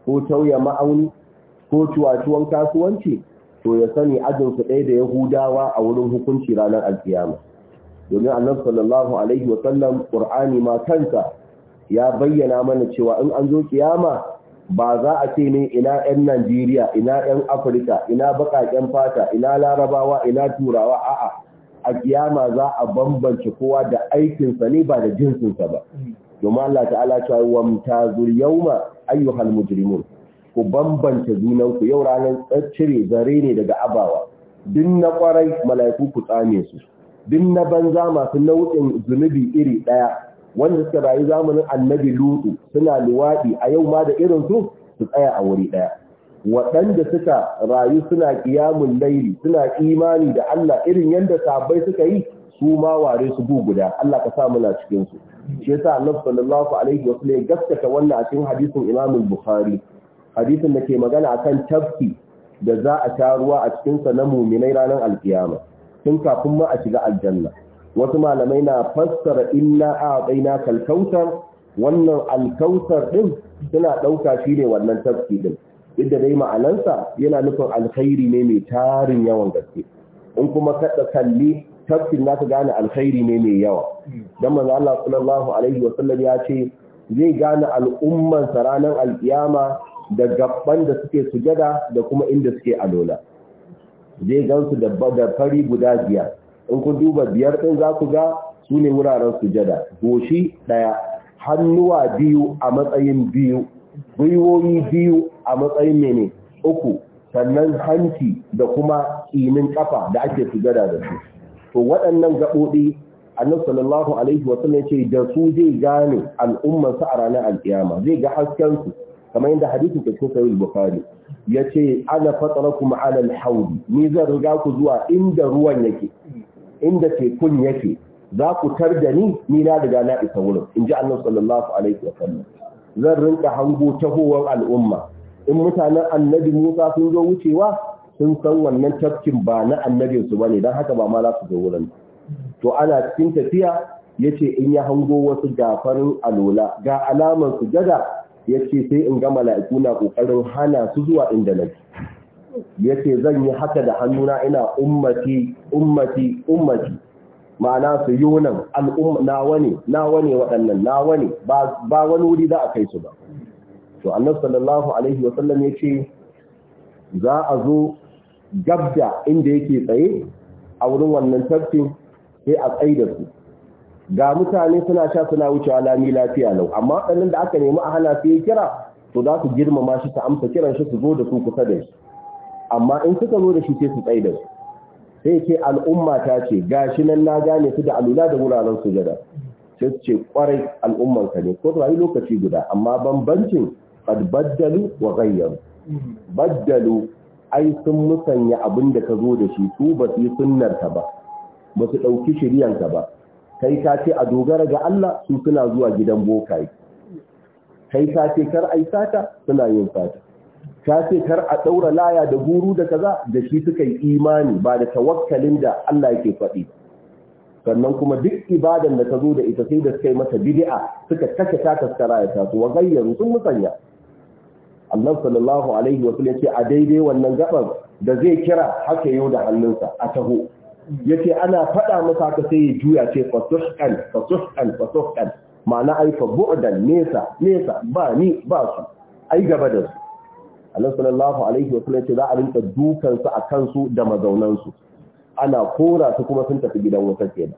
ko tauya ma'auni ko tuwatuwan kasuwanci to ya sani su ɗaya da yahudawa a wurin hukunci ranar alkiyama domin annabi sallallahu alaihi wa sallam qur'ani ma kansa ya bayyana mana cewa in an zo kiyama ba za a ce ne ina 'yan Najeriya, ina 'yan Afirka, ina baƙaƙen fata, ina larabawa, ina turawa, a'a, a kiyama za a bambance kowa da aikinsa ne ba da jinsinsa ba. Domin Allah ta'ala cewa Yau ma ayyuhal mujrimun. Ku bambance junanku yau ranar cire zare ne daga abawa. Duk na kwarai mala'iku ku tsame su. Duk na banza masu nau'in zunubi iri ɗaya wanda suka rayu zamanin annabi lutu suna luwaɗi a yau ma da irin su su tsaya a wuri ɗaya waɗanda suka rayu suna ƙiyamun laili suna imani da Allah irin yadda sabai suka yi su ma ware su bu guda Allah ka sa muna cikin su shi yasa Annabi sallallahu alaihi wa sallam gaskata wannan a cikin hadisin Imam Bukhari hadisin da ke magana akan tafki da za a taruwa ruwa a cikin sa na muminai ranar alkiyama tun kafin ma a shiga aljanna wasu malamai na fassara inna a tsaina kalkautar wannan alkautar ɗin suna ɗauka shi ne wannan tafki ɗin inda dai ma'anansa yana nufin alkhairi ne mai tarin yawan gaske in kuma kaɗa kalli tafkin naka gane alkhairi ne mai yawa don manzo Allah sallallahu alaihi wa sallam ya ce zai gane al'umman ranar alkiyama da gaban da suke sujada da kuma inda suke alola zai gansu da fari guda biyar in ku duba biyar ɗin za ku ga su ne wuraren sujada goshi ɗaya hannuwa biyu a matsayin biyu gwiwoyi biyu a matsayin mene uku sannan hanci da kuma ƙinin ƙafa da ake sujada da su to waɗannan gaɓoɗi annabi sallallahu alaihi wa sallam ce da su zai gane al'ummar sa a ranar alkiyama zai ga hasken su kamar yadda hadisin ke cikin sahih Ya yace ana fatarakum ala al ni zan riga ku zuwa inda ruwan yake inda tekun yake za ku tar da ni ni na riga na isa wurin in ji annabi sallallahu alaihi wa sallam zan rinka hango tahowar al'umma in mutanen annabi Musa sun zo wucewa sun san wannan tafkin ba na annabin su bane dan haka ba ma za su zo wurin to ana cikin tafiya yace in ya hango wasu gafarin alola ga alaman sujada yace sai in ga mala'iku na kokarin hana su zuwa inda nake yace zan yi haka da hannuna ina ummati ummati ummati ma'ana su yunan al'umma na wani, na wani waɗannan na wani, ba wani wuri za a kai su ba to annabi sallallahu alaihi wa sallam ce, za a zo gabda inda yake tsaye a wurin wannan tafkin sai a tsaye da su ga mutane suna sha suna wucewa lami lafiya lau amma ɗanin da aka nemi a hana su yi kira to za su girmama shi ta amsa kiran shi su zo da su kusa da shi amma in suka zo da shi sai su tsaye da su sai ce al'umma ta ce gashi nan na gane su da alula da wuraren sujada sai su ce kwarai al'umman ka ne ko ta yi lokaci guda amma bambancin qad baddalu wa ghayyaru baddalu ai sun musanya abin da ka zo da shi su ba su yi sunnar ka ba ba su ɗauki shiriyan ka ba kai ka ce a dogara ga Allah su suna zuwa gidan bokaye kai ka ce kar ai sata suna yin sata ta ce kar a ɗaura laya da guru da kaza da shi suka yi imani ba da tawakkalin da Allah yake faɗi sannan kuma duk ibadan da ta zo da ita sai da suka yi mata bidi'a, suka kashe ta kaskara ya tasu wa gayyaru sun musanya Allah sallallahu alaihi wa sallam ya ce a daidai wannan gaban da zai kira haka yau da hannunsa a taho yace ana faɗa masa haka sai ya juya ce fasuhqan fasuhqan fasuhqan ma'ana ai bu'dan nesa nesa ba ni ba su ai gaba da su Allah sallallahu alaihi wa sallam ce za a rinka dukansu a kansu da mazaunansu ana kora su kuma sun tafi gidan wata kenan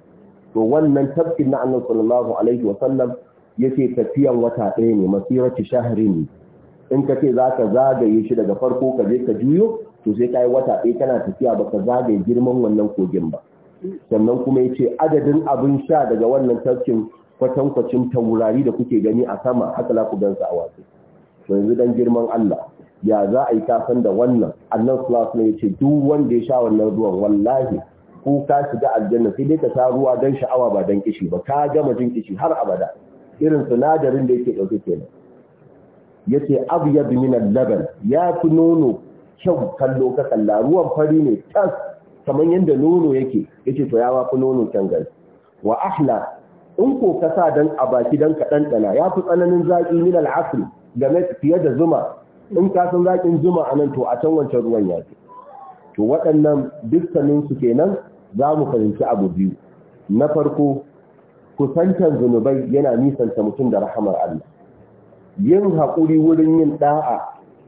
to wannan tafkin na annabi sallallahu alaihi wa sallam yace tafiyan wata ɗaya ne shahari ne. in ka ce za ka zagaye shi daga farko ka je ka juyo to sai ka yi wata ɗaya kana tafiya ba ka zagaye girman wannan kogin ba sannan kuma ya ce adadin abin sha daga wannan tafkin kwatankwacin taurari da kuke gani a sama haka la ku gansa a wasu to yanzu dan girman Allah ya za a yi kasan da wannan annan sulas ne ya ce duk wanda ya sha wannan ruwan wallahi ko ka shiga aljanna sai dai ka sha ruwa don sha'awa ba don kishi ba ka gama jin kishi har abada irin sinadarin da yake ɗauke kenan ya ce abu ya bi minan laban ya fi nono kyau kallo ka kalla ruwan fari ne tas kamar yadda nono yake ya ce to ya fi nono gari wa ahla in ko ka a baki don ka ɗanɗana ya fi tsananin zaƙi min al'asri game fiye da zuma in ka san zakin zuma a nan to a can wancan ruwan ya fi to waɗannan dukkanin su kenan za mu fahimci abu biyu na farko kusantar zunubai yana nisanta mutum da rahamar Allah yin haƙuri wurin yin ɗa'a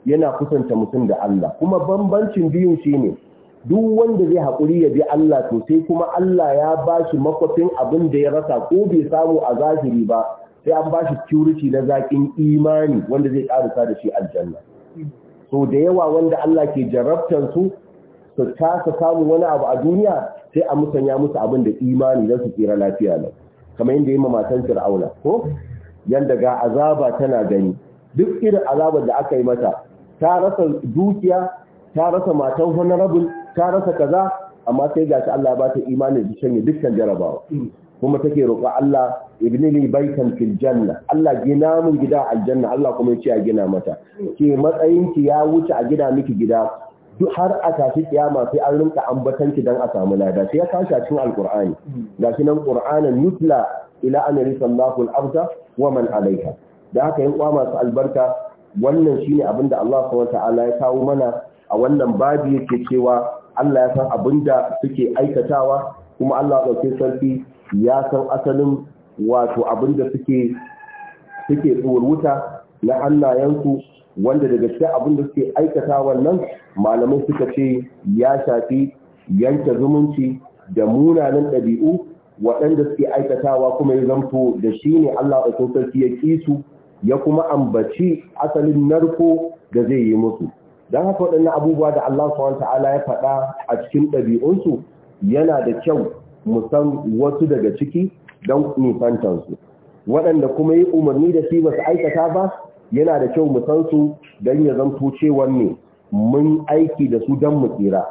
yana kusanta mutum da Allah kuma bambancin biyun ne, duk wanda zai haƙuri ya bi Allah to sai kuma Allah ya ba shi makwafin abin da ya rasa ko bai samu a zahiri ba sai an ba shi na zaƙin imani wanda zai ƙarisa da shi aljanna To da yawa wanda Allah ke jarabtar su su kasa samun wani abu a duniya sai a musanya musu abin da imani da su tsira lafiya nan kamar yadda yi ma matan fir'auna ko yanda ga azaba tana gani duk irin azabar da aka yi mata ta rasa dukiya ta rasa matan honorable ta rasa kaza amma sai ga shi Allah ba ta imani da shanye dukkan jarabawa kuma take roƙo Allah ibni li baitan fil janna Allah gina mun gida aljanna Allah kuma ya ce a gina mata ke matsayin ki ya wuce a gida miki gida duk har a tashi kiyama sai an rinka ambatanki dan a samu lada sai ya tashi a cikin alqur'ani gashi nan qur'anan yutla ila an risallahu al-arda wa man alayha da haka yan kwa masu albarka wannan shine abinda Allah subhanahu ta'ala ya kawo mana a wannan babu yake cewa Allah ya san abinda suke aikatawa kuma Allah ɗauke sarki ya san asalin wato abin da suke suke tsorwuta na hannayensu wanda daga cikin abin da suke aikata wannan malamai suka ce ya shafi yanke zumunci da munanan ɗabi'u waɗanda suke aikatawa kuma ya zamto da shi ne Allah ɗauke sarki ya ƙi su ya kuma ambaci asalin narko da zai yi musu don haka waɗannan abubuwa da Allah subhanahu ta'ala ya faɗa a cikin ɗabi'unsu yana da kyau mu wasu daga ciki don nisantansu waɗanda kuma yi umarni da shi masu aikata ba yana da kyau mu su don ya zanto cewa ne mun aiki da su don mu tsira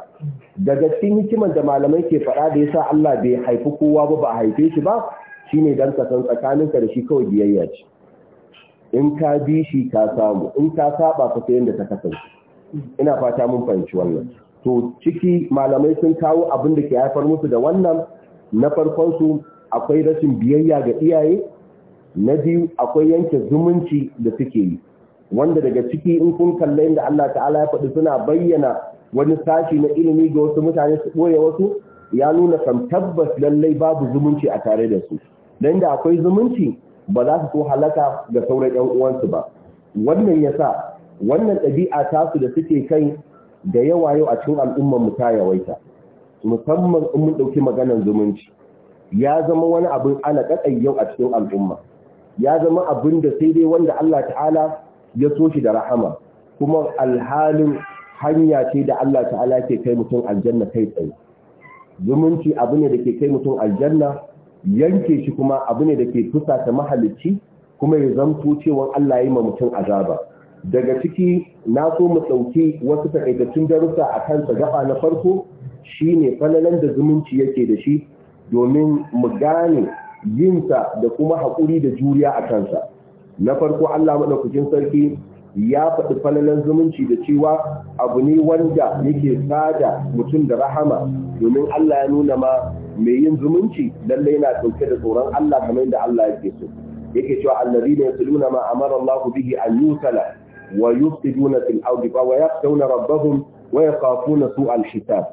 daga cikin hikimar da malamai ke faɗa da yasa Allah bai haifi kowa ba ba a haife shi ba shine ne ka san tsakaninka da shi kawai biyayya ce in ka bi shi ka samu in ka saba ka yadda ta kasance ina fata mun fahimci wannan to ciki malamai sun kawo abin da ke haifar musu da wannan na farkon su akwai rashin biyayya ga iyaye na biyu akwai yanke zumunci da suke yi wanda daga ciki in kun kalla inda Allah ta'ala ya faɗi suna bayyana wani sashi na ilimi ga wasu mutane su ɓoye wasu ya nuna kan tabbas lallai babu zumunci a tare da su don da akwai zumunci ba za su so halaka ga sauran 'yan uwansu ba wannan yasa wannan ɗabi'a tasu da suke kai da yawa yau a cikin al'ummar mu ta yawaita musamman in mun dauki maganar zumunci ya zama wani abin ana kadai yau a cikin al'umma ya zama abin da sai dai wanda Allah ta'ala ya so shi da rahama kuma alhalin hanya ce da Allah ta'ala ke kai mutum aljanna kai tsaye zumunci abu ne da ke kai mutum aljanna yanke shi kuma abu ne da ke fusata mahalicci kuma ya zamto cewa Allah ya yi ma mutum azaba daga ciki na so mu ɗauki wasu takaitattun darussa a kansa gaba na farko shi ne falalan da zumunci yake da shi domin mu gane yinsa da kuma haƙuri da juriya a kansa na farko Allah maɗaukakin sarki ya faɗi falalan zumunci da cewa abu ne wanda yake sada mutum da rahama domin Allah ya nuna ma mai yin zumunci lallai yana ɗauke da tsoron Allah kamar da Allah yake so yake cewa allazi ne ya ma amara Allah bihi an yusala ويفسدون في الأرض ويخشون ربهم ويخافون سوء الحساب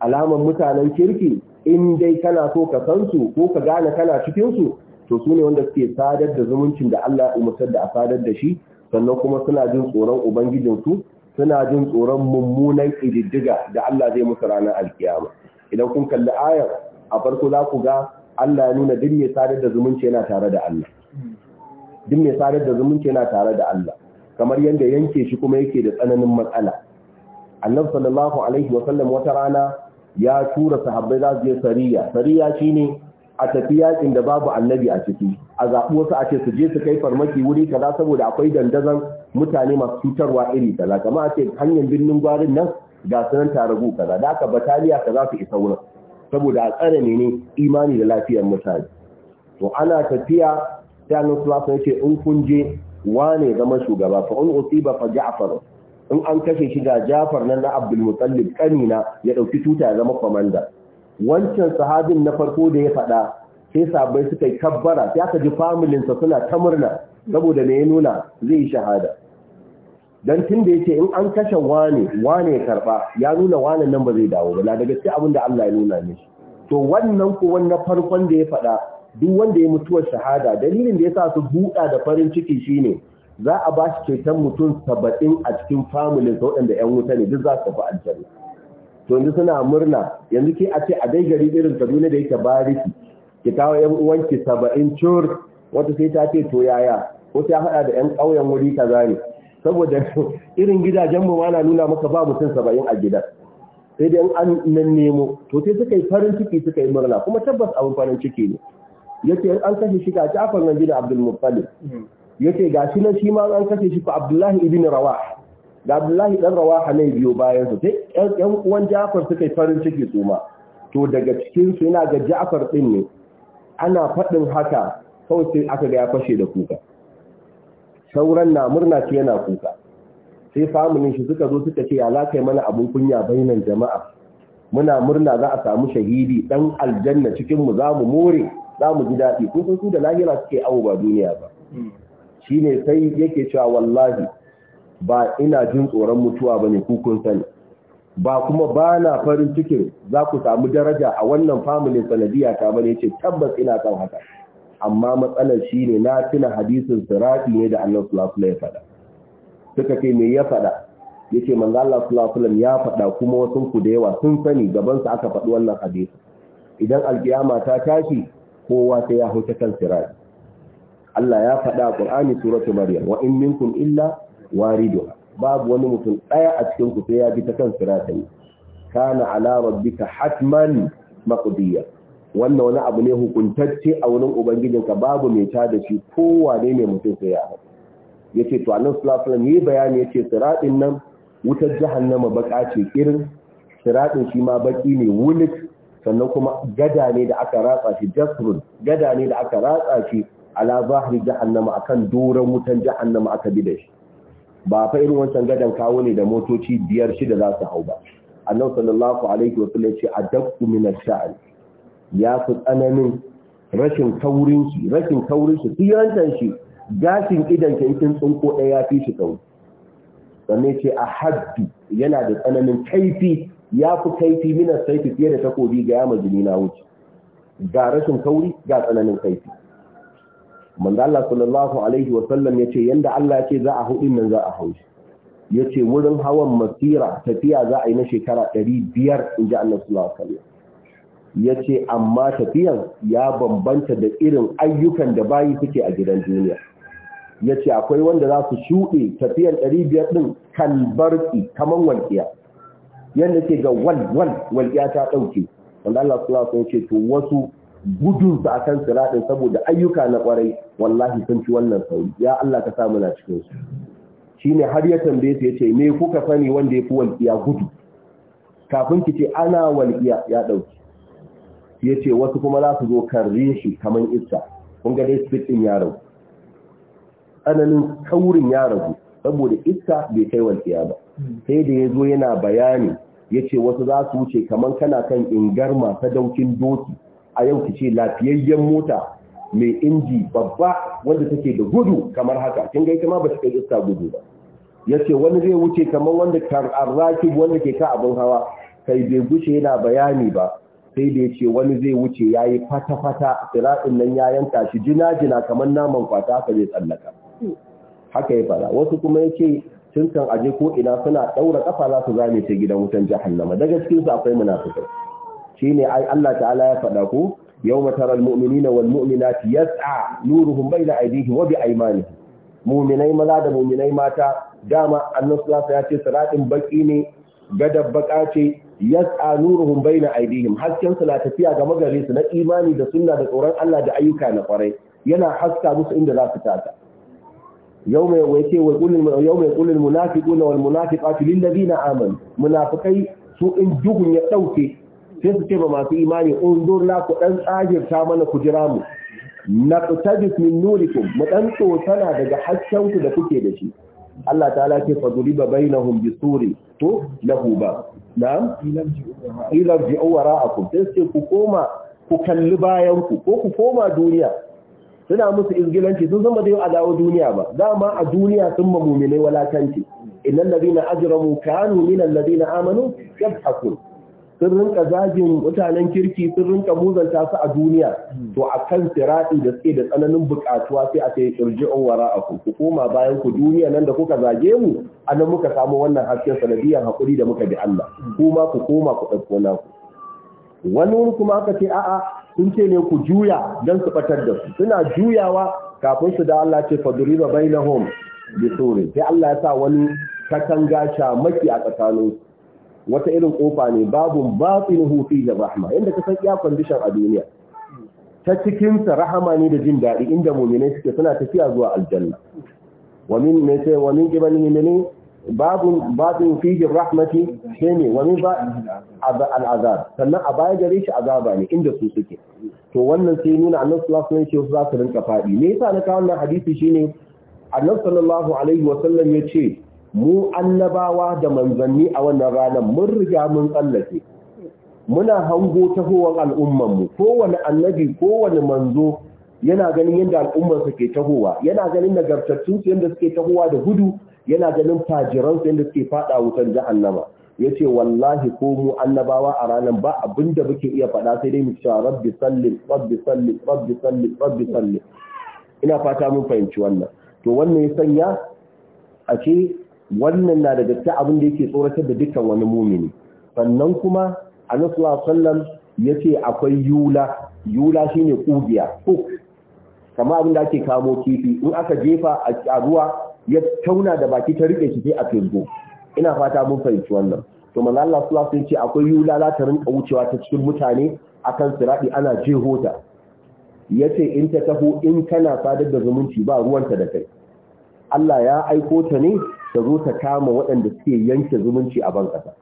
Alamar mutanen kirki in dai kana so ka san su ko ka gane kana cikin su to su ne wanda suke sadar da zumuncin da Allah ya umartar da a sadar da shi sannan kuma suna jin tsoron ubangijin su suna jin tsoron mummunan ƙididdiga da Allah zai musu ranar alkiyama idan kun kalli ayar a farko za ku ga Allah ya nuna duk mai sadar da zumunci yana tare da Allah kamar yadda yanke shi kuma yake da tsananin matsala annabi sallallahu alaihi wa sallam wata rana ya tura sahabbai za su je sariya sariya ne a tafi yakin da babu annabi a ciki a zaɓi wasu a ce su je su kai farmaki wuri kaza saboda akwai dandazon mutane masu cutarwa iri kaza Kamar a ce hanyar birnin gwarin nan ga su nan taragu kaza da aka bataliya kaza su isa wurin saboda a tsare ne ne imani da lafiyar mutane to ana tafiya sai annabi sallallahu alaihi wa ya ce in kun je wane zama shugaba fa in usiba fa ja'far in an kashe shi ga Ja'far nan na Abdul Muttalib kanina ya dauki tuta ya zama komanda wancan sahabin na farko da ya faɗa sai sabai suka yi kabbara sai aka ji sa suna ta murna saboda me ya nuna zai yi shahada dan tun da yake in an kashe wane wane ya karba ya nuna wane nan ba zai dawo ba na daga gaske abin da Allah ya nuna mishi to wannan ko wannan farkon da ya faɗa duk wanda ya mutuwar shahada dalilin da ya sa su buɗa da farin ciki shine za a ba shi ceton mutum saba'in a cikin familin sa waɗanda 'yan wuta ne duk za su tafi aljanna to yanzu suna murna yanzu ke a ce a dai gari irin kaduna da yake bariki ki kawo 'yan uwanki saba'in cur wata sai ta ce to yaya ko ta haɗa da 'yan ƙauyen wuri ka zane. saboda irin gidajen mu ma na nuna maka ba mutum saba'in a gidan sai dai an nan nemo to sai suka yi farin ciki suka yi murna kuma tabbas abin farin ciki ne yace an kashe shi ga Ja'far bin Abdul Muttalib yace ga shi nan shi ma an kashe shi fa Abdullahi ibn Rawah da Abdullahi dan Rawah ne biyo bayan su sai ƴan uwan Ja'far suka yi farin ciki su ma to daga cikin su yana ga Ja'far din ne ana faɗin haka kawai sai aka ga ya fashe da kuka sauran na murna ce yana kuka sai familin shi suka zo suka ce ya za ka mana abun kunya bainan jama'a muna murna za a samu shahidi dan aljanna cikin mu za mu more za mu ji daɗi kun su da lahira suke awo ba duniya ba shi ne sai yake cewa wallahi ba ina jin tsoron mutuwa ba ne kukun sani ba kuma ba na farin cikin za ku samu daraja a wannan familin sanadiyya ta bane ce tabbas ina kan haka amma matsalar shi ne na tuna hadisin sirati ne da allon sallallahu alaihi wasallam suka ce me ya faɗa yace manzo Allah sallallahu alaihi ya faɗa kuma wasu ku da yawa sun sani gabansa aka faɗi wannan hadisi idan alkiyama ta tashi kowa sai ya ta kan sirari Allah ya faɗa a Qur'ani suratu Maryam wa in minkum illa wariduha babu wani mutum ɗaya a cikin ku sai ya bi ta kan siratin kana ala rabbika hatman maqdiya wannan wani abu ne hukuntacce a wurin ubangijinka babu mai ta da shi kowa ne mai mutum sai ya hau yace to annabi sallallahu alaihi wasallam yi bayani yace siratin nan wutar jahannama baka ce irin siratin shi ma baki ne wulik sannan kuma gada ne da aka ratsa shi jasrun gada ne da aka ratsa shi ala zahri jahannama akan doron wutan jahannama aka bi da shi ba fa irin wancan gadan kawo ne da motoci biyar shida za su hau ba annabi sallallahu alaihi wa sallam ce adaqu min ash-sha'r ya fi tsananin rashin kaurin shi rashin kaurin shi tsirantan shi gashin idan ka tsinko ɗaya ya fi shi kauri sannan ce ahaddu yana da tsananin kaifi ya fi kaifi minas saifi fiye da takobi ga yama jini na wuce ga rashin kauri ga tsananin kaifi manzo Allah sallallahu alaihi wa sallam yace yanda Allah yake za a hudin nan za a haushi yace wurin hawan masira tafiya za a yi na shekara 500 inji Allah sallallahu alaihi wa sallam yace amma tafiyan ya bambanta da irin ayyukan da bayi suke a gidan duniya yace akwai wanda za su shuɗe tafiyan 500 din kan barƙi kaman wankiya. yadda ke ga wal wal walƙiya ta ɗauke wanda Allah su alaihi ce to wasu gudun su kan siraɗin saboda ayyuka na kwarai wallahi sun ci wannan sauri ya Allah ka samu na cikin su ne har ya tambaye su ya ce me kuka sani wanda ya fi walƙiya gudu kafin ki ce ana walƙiya ya Ya ce wasu kuma za su zo kan shi kaman iska kun ga dai speed ya ragu tsananin kaurin ya ragu saboda iska bai kai walƙiya ba sai da ya zo yana bayani ya ce wasu za su wuce kamar kana kan ingar masu daukin doki a yau ki ce lafiyayyen mota mai inji babba wanda take da gudu kamar haka kin ga ita ma ba ta kai iska gudu ba ya ce wani zai wuce kamar wanda wanda ke ka abin hawa kai bai guce yana bayani ba sai da ya ce wani zai wuce ya yi fata-fata siraɗin nan ya yanka shi jina-jina kamar naman kwata haka zai tsallaka hmm. haka ya fara wasu kuma ya ce sun kan aje ko ina suna daura kafa za su zame ta gidan wutan jahannama daga cikin su akwai munafikai shine ai Allah ta'ala ya fada ko yawma taral mu'minina wal mu'minati yas'a nuruhum bayna aydihim wa bi aymanihim mu'minai maza da mu'minai mata dama annabi sallallahu ya ce siratin baki ne gadab baka ce yas'a nuruhum bayna aydihim hasken su na tafiya ga magare su na imani da sunna da tsoron Allah da ayyuka na kwarai yana haska musu inda za su tata يوم يويتي ويقول الم... na يقول المنافقون والمنافقات للذين su in سوء ya يتوكي sai su ce ba masu imani undur la ku dan tsagirta mana ku jira mu naqtadis min nurikum mu dan tana daga ku da kuke da shi Allah ta'ala ce fa duriba bainahum bisuri to lahu ba na'am ila ji'u wara'akum sai ku koma ku kalli bayan ku ko ku koma duniya suna musu ingilanci sun zama da yau a dawo duniya ba dama a duniya sun ma muminai walakanci innal ladina ajramu kanu min alladina amanu yadhakun sun rinka zagin mutanen kirki sun rinka muzanta su a duniya to a kan sirati da tsaye da tsananin bukatuwa sai a sai wara a ku koma bayan ku duniya nan da kuka zage mu anan muka samu wannan hasken sanadiyan hakuri da muka bi Allah kuma ku koma ku dauko naku wani kuma aka ce a'a sun ce ne ku juya don su batar da su suna juyawa kafin su da Allah ce na bainahum bi surin sai Allah ya sa wani katanga shamaki a tsakanin wata irin kofa ne babu batinuhu da rahma inda ka san iya condition a duniya ta cikin sa rahama ne da jin daɗi inda mu'minai suke suna tafiya zuwa aljanna wa min ne sai wa min qibalihi min babun babun fijin rahmati shi ne wani ba al'azab sannan a baya gare shi azaba ne inda su suke to wannan sai nuna annan sallallahu alaihi wasallam za su rinka faɗi me yasa na kawo wannan hadisi shine annan sallallahu alaihi wasallam ya ce mu annabawa da manzanni a wannan ranar mun riga mun tsallake muna hango tahowar mu kowane annabi kowane manzo yana ganin yadda al'ummarsa ke tahowa yana ganin nagartattun su yadda suke tahowa da gudu yana ganin fajiran su yadda suke fada wutan jahannama ce wallahi ko mu annabawa a ranar ba abinda muke iya faɗa sai dai mu cewa rabbi salli, rabbi salli, rabbi salli, rabbi salli. ina fata mun fahimci wannan to wannan ya sanya a ce wannan na da datti abin da yake tsoratar da dukkan wani mumini sannan kuma a nasu sallallahu sallan ya ce akwai yula yula shine kubiya uk kamar abin da ake kamo kifi in aka jefa a ruwa ya tauna da baki ta rike shi a firgo ina fata mun fahimci wannan to manzo Allah sallallahu alaihi ce akwai yula za ta rinka wucewa ta cikin mutane akan siradi ana jehota yace in ta taho in kana sadar da zumunci ba ruwanta da kai Allah ya aiko ta ne ta zo ta kama waɗanda suke yanke zumunci a ban kasa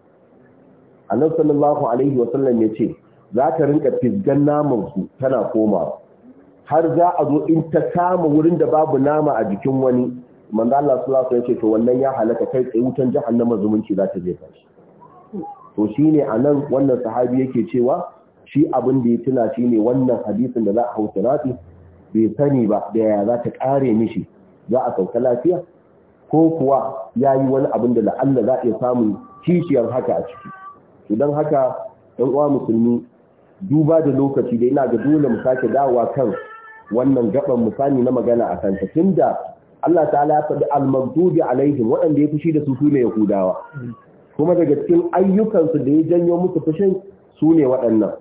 annabi sallallahu alaihi wasallam yace za ta rinka fisgan naman tana komawa har za a zo in ta samu wurin da babu nama a jikin wani manzo Allah sallallahu alaihi to wannan ya halaka kai tsaye wutan jahannama zumunci za ta je shi. to shine anan wannan sahabi yake cewa shi abin da ya tuna shine wannan hadisin da za a hausa lati bai sani ba da ya za ta kare mishi za a sauka lafiya ko kuwa ya yi wani abin da la'alla za a iya samun kishiyar haka a ciki to don haka ɗan uwa musulmi duba da lokaci da ina ga dole mu sake dawowa kan wannan gaban misali na magana a kanta tunda Allah ta'ala ya faɗi al-maghdubi alaihim waɗanda ya fushi da su su ne yahudawa kuma daga cikin ayyukansu da ya janyo musu fushin su ne waɗannan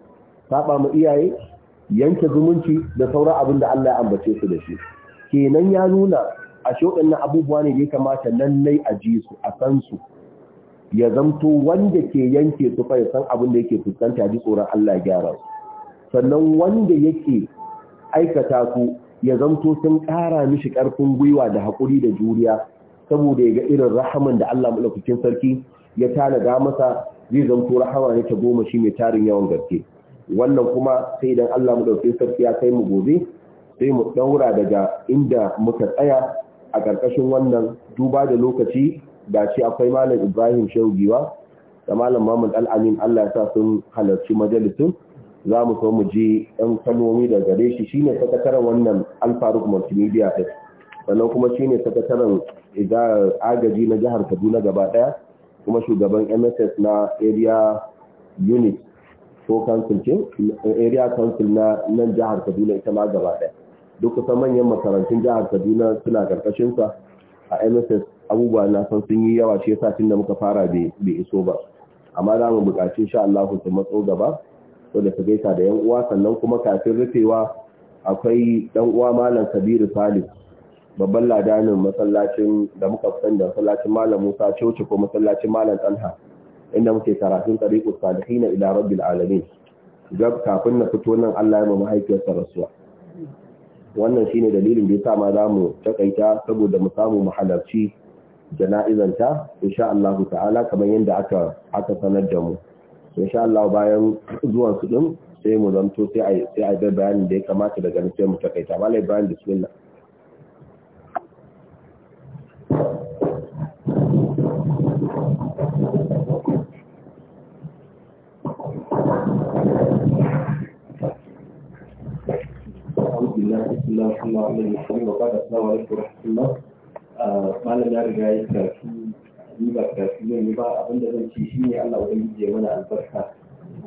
saba mu iyaye yanke zumunci da sauran abin da Allah ya ambace su da shi kenan ya nuna a shoɗin na abubuwa ne da ya kamata lallai a ji su a san su ya zamto wanda ke yanke su fa ya san abin da yake fuskanta ji tsoron Allah ya gyara sannan wanda yake aikata su ya zamto sun kara mishi karfin gwiwa da haƙuri da juriya saboda ya ga irin rahaman da Allah mulkucin sarki ya tanada masa zai zamto rahama ne ta goma shi mai tarin yawan garke wannan kuma sai idan Allah mulkucin sarki ya kai mu gobe sai mu daura daga inda muka tsaya a ƙarƙashin wannan duba da lokaci da ce akwai malam Ibrahim Shehu Giwa da malam Muhammad al Allah ya sa sun halarci majalisin za mu so mu ji ɗan kalmomi da gare shi shi ne sakataren wannan alfaruk multimedia ɗin sannan kuma shi ne sakataren agaji na jihar kaduna gaba ɗaya kuma shugaban mss na area unit ko council ce area council na nan jihar kaduna ita ma gaba ɗaya duk kusan manyan makarantun jihar kaduna suna karkashinsa a mss abubuwa na san sun yi yawa shi yasa tun da muka fara bai iso ba amma za mu buƙaci insha Allah su matso gaba wanda su gaisa da yan uwa sannan kuma kafin rufewa akwai dan uwa malam Kabiru talib babban ladanin masallacin da muka san da masallacin malam Musa Coci ko masallacin malam Talha inda muke karatun tariqus salihin ila rabbil alamin gab kafin na fito nan Allah ya mu mahaifiyarsa rasuwa wannan shine dalilin da yasa ma za mu takaita saboda mu samu mu halarci jana'izanta insha Allah ta'ala kamar yadda aka aka sanar da mu insha Allah bayan zuwan su din sai mu zanto sai a sai a bai bayanin da ya kamata daga nan sai mu takaita malai bayan bismillah Allah, Allah, Allah, Allah, Allah, ni ba karatu zan yi ba abin da zan ce shine Allah wajen ya mana albarka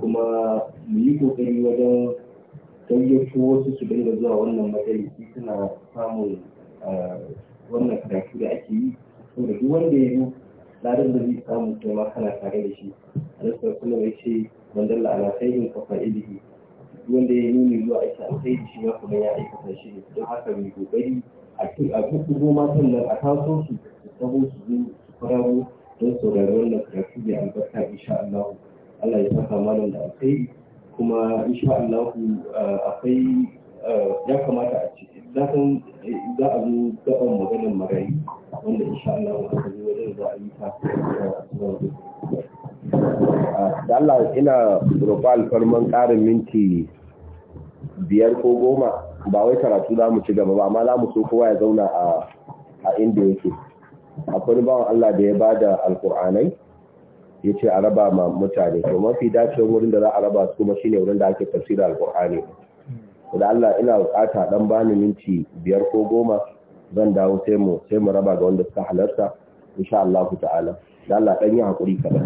kuma mu yi kokari wajen gayyato wasu su dinga zuwa wannan majalisi suna samun eh, wannan karatu da ake yi saboda duk wanda ya yi ladan da zai samu kai ma kana tare da shi alaihi kuma ya ce wanda Allah ala kafa ilimi duk wanda ya yi nuni zuwa aiki da shi ma kuma ya aikata shi don haka mu kokari a duk matan nan a taso su su su kwarago don saurari wannan karatu da albarka insha Allah Allah ya saka malam da akai kuma insha Allah eh, akwai eh, ya kamata a ce zafin eh, za a zo gaban maganin marayi wanda insha Allah a zo wajen za a yi ta da Allah ina roƙo alfarman ƙarin minti biyar ko goma ba wai karatu za mu ci gaba ba amma za mu so kowa ya zauna a inda yake akwai bawan Allah da ya ba da alkur'anai ya ce a raba ma mutane to mafi dacewar wurin da za a raba su kuma shi ne wurin da ake tafsirar alkur'ani da Allah ina bukata dan bani minti biyar ko goma zan dawo sai mu sai mu raba ga wanda suka halarta insha Allah ta'ala da Allah dan yi hakuri kada.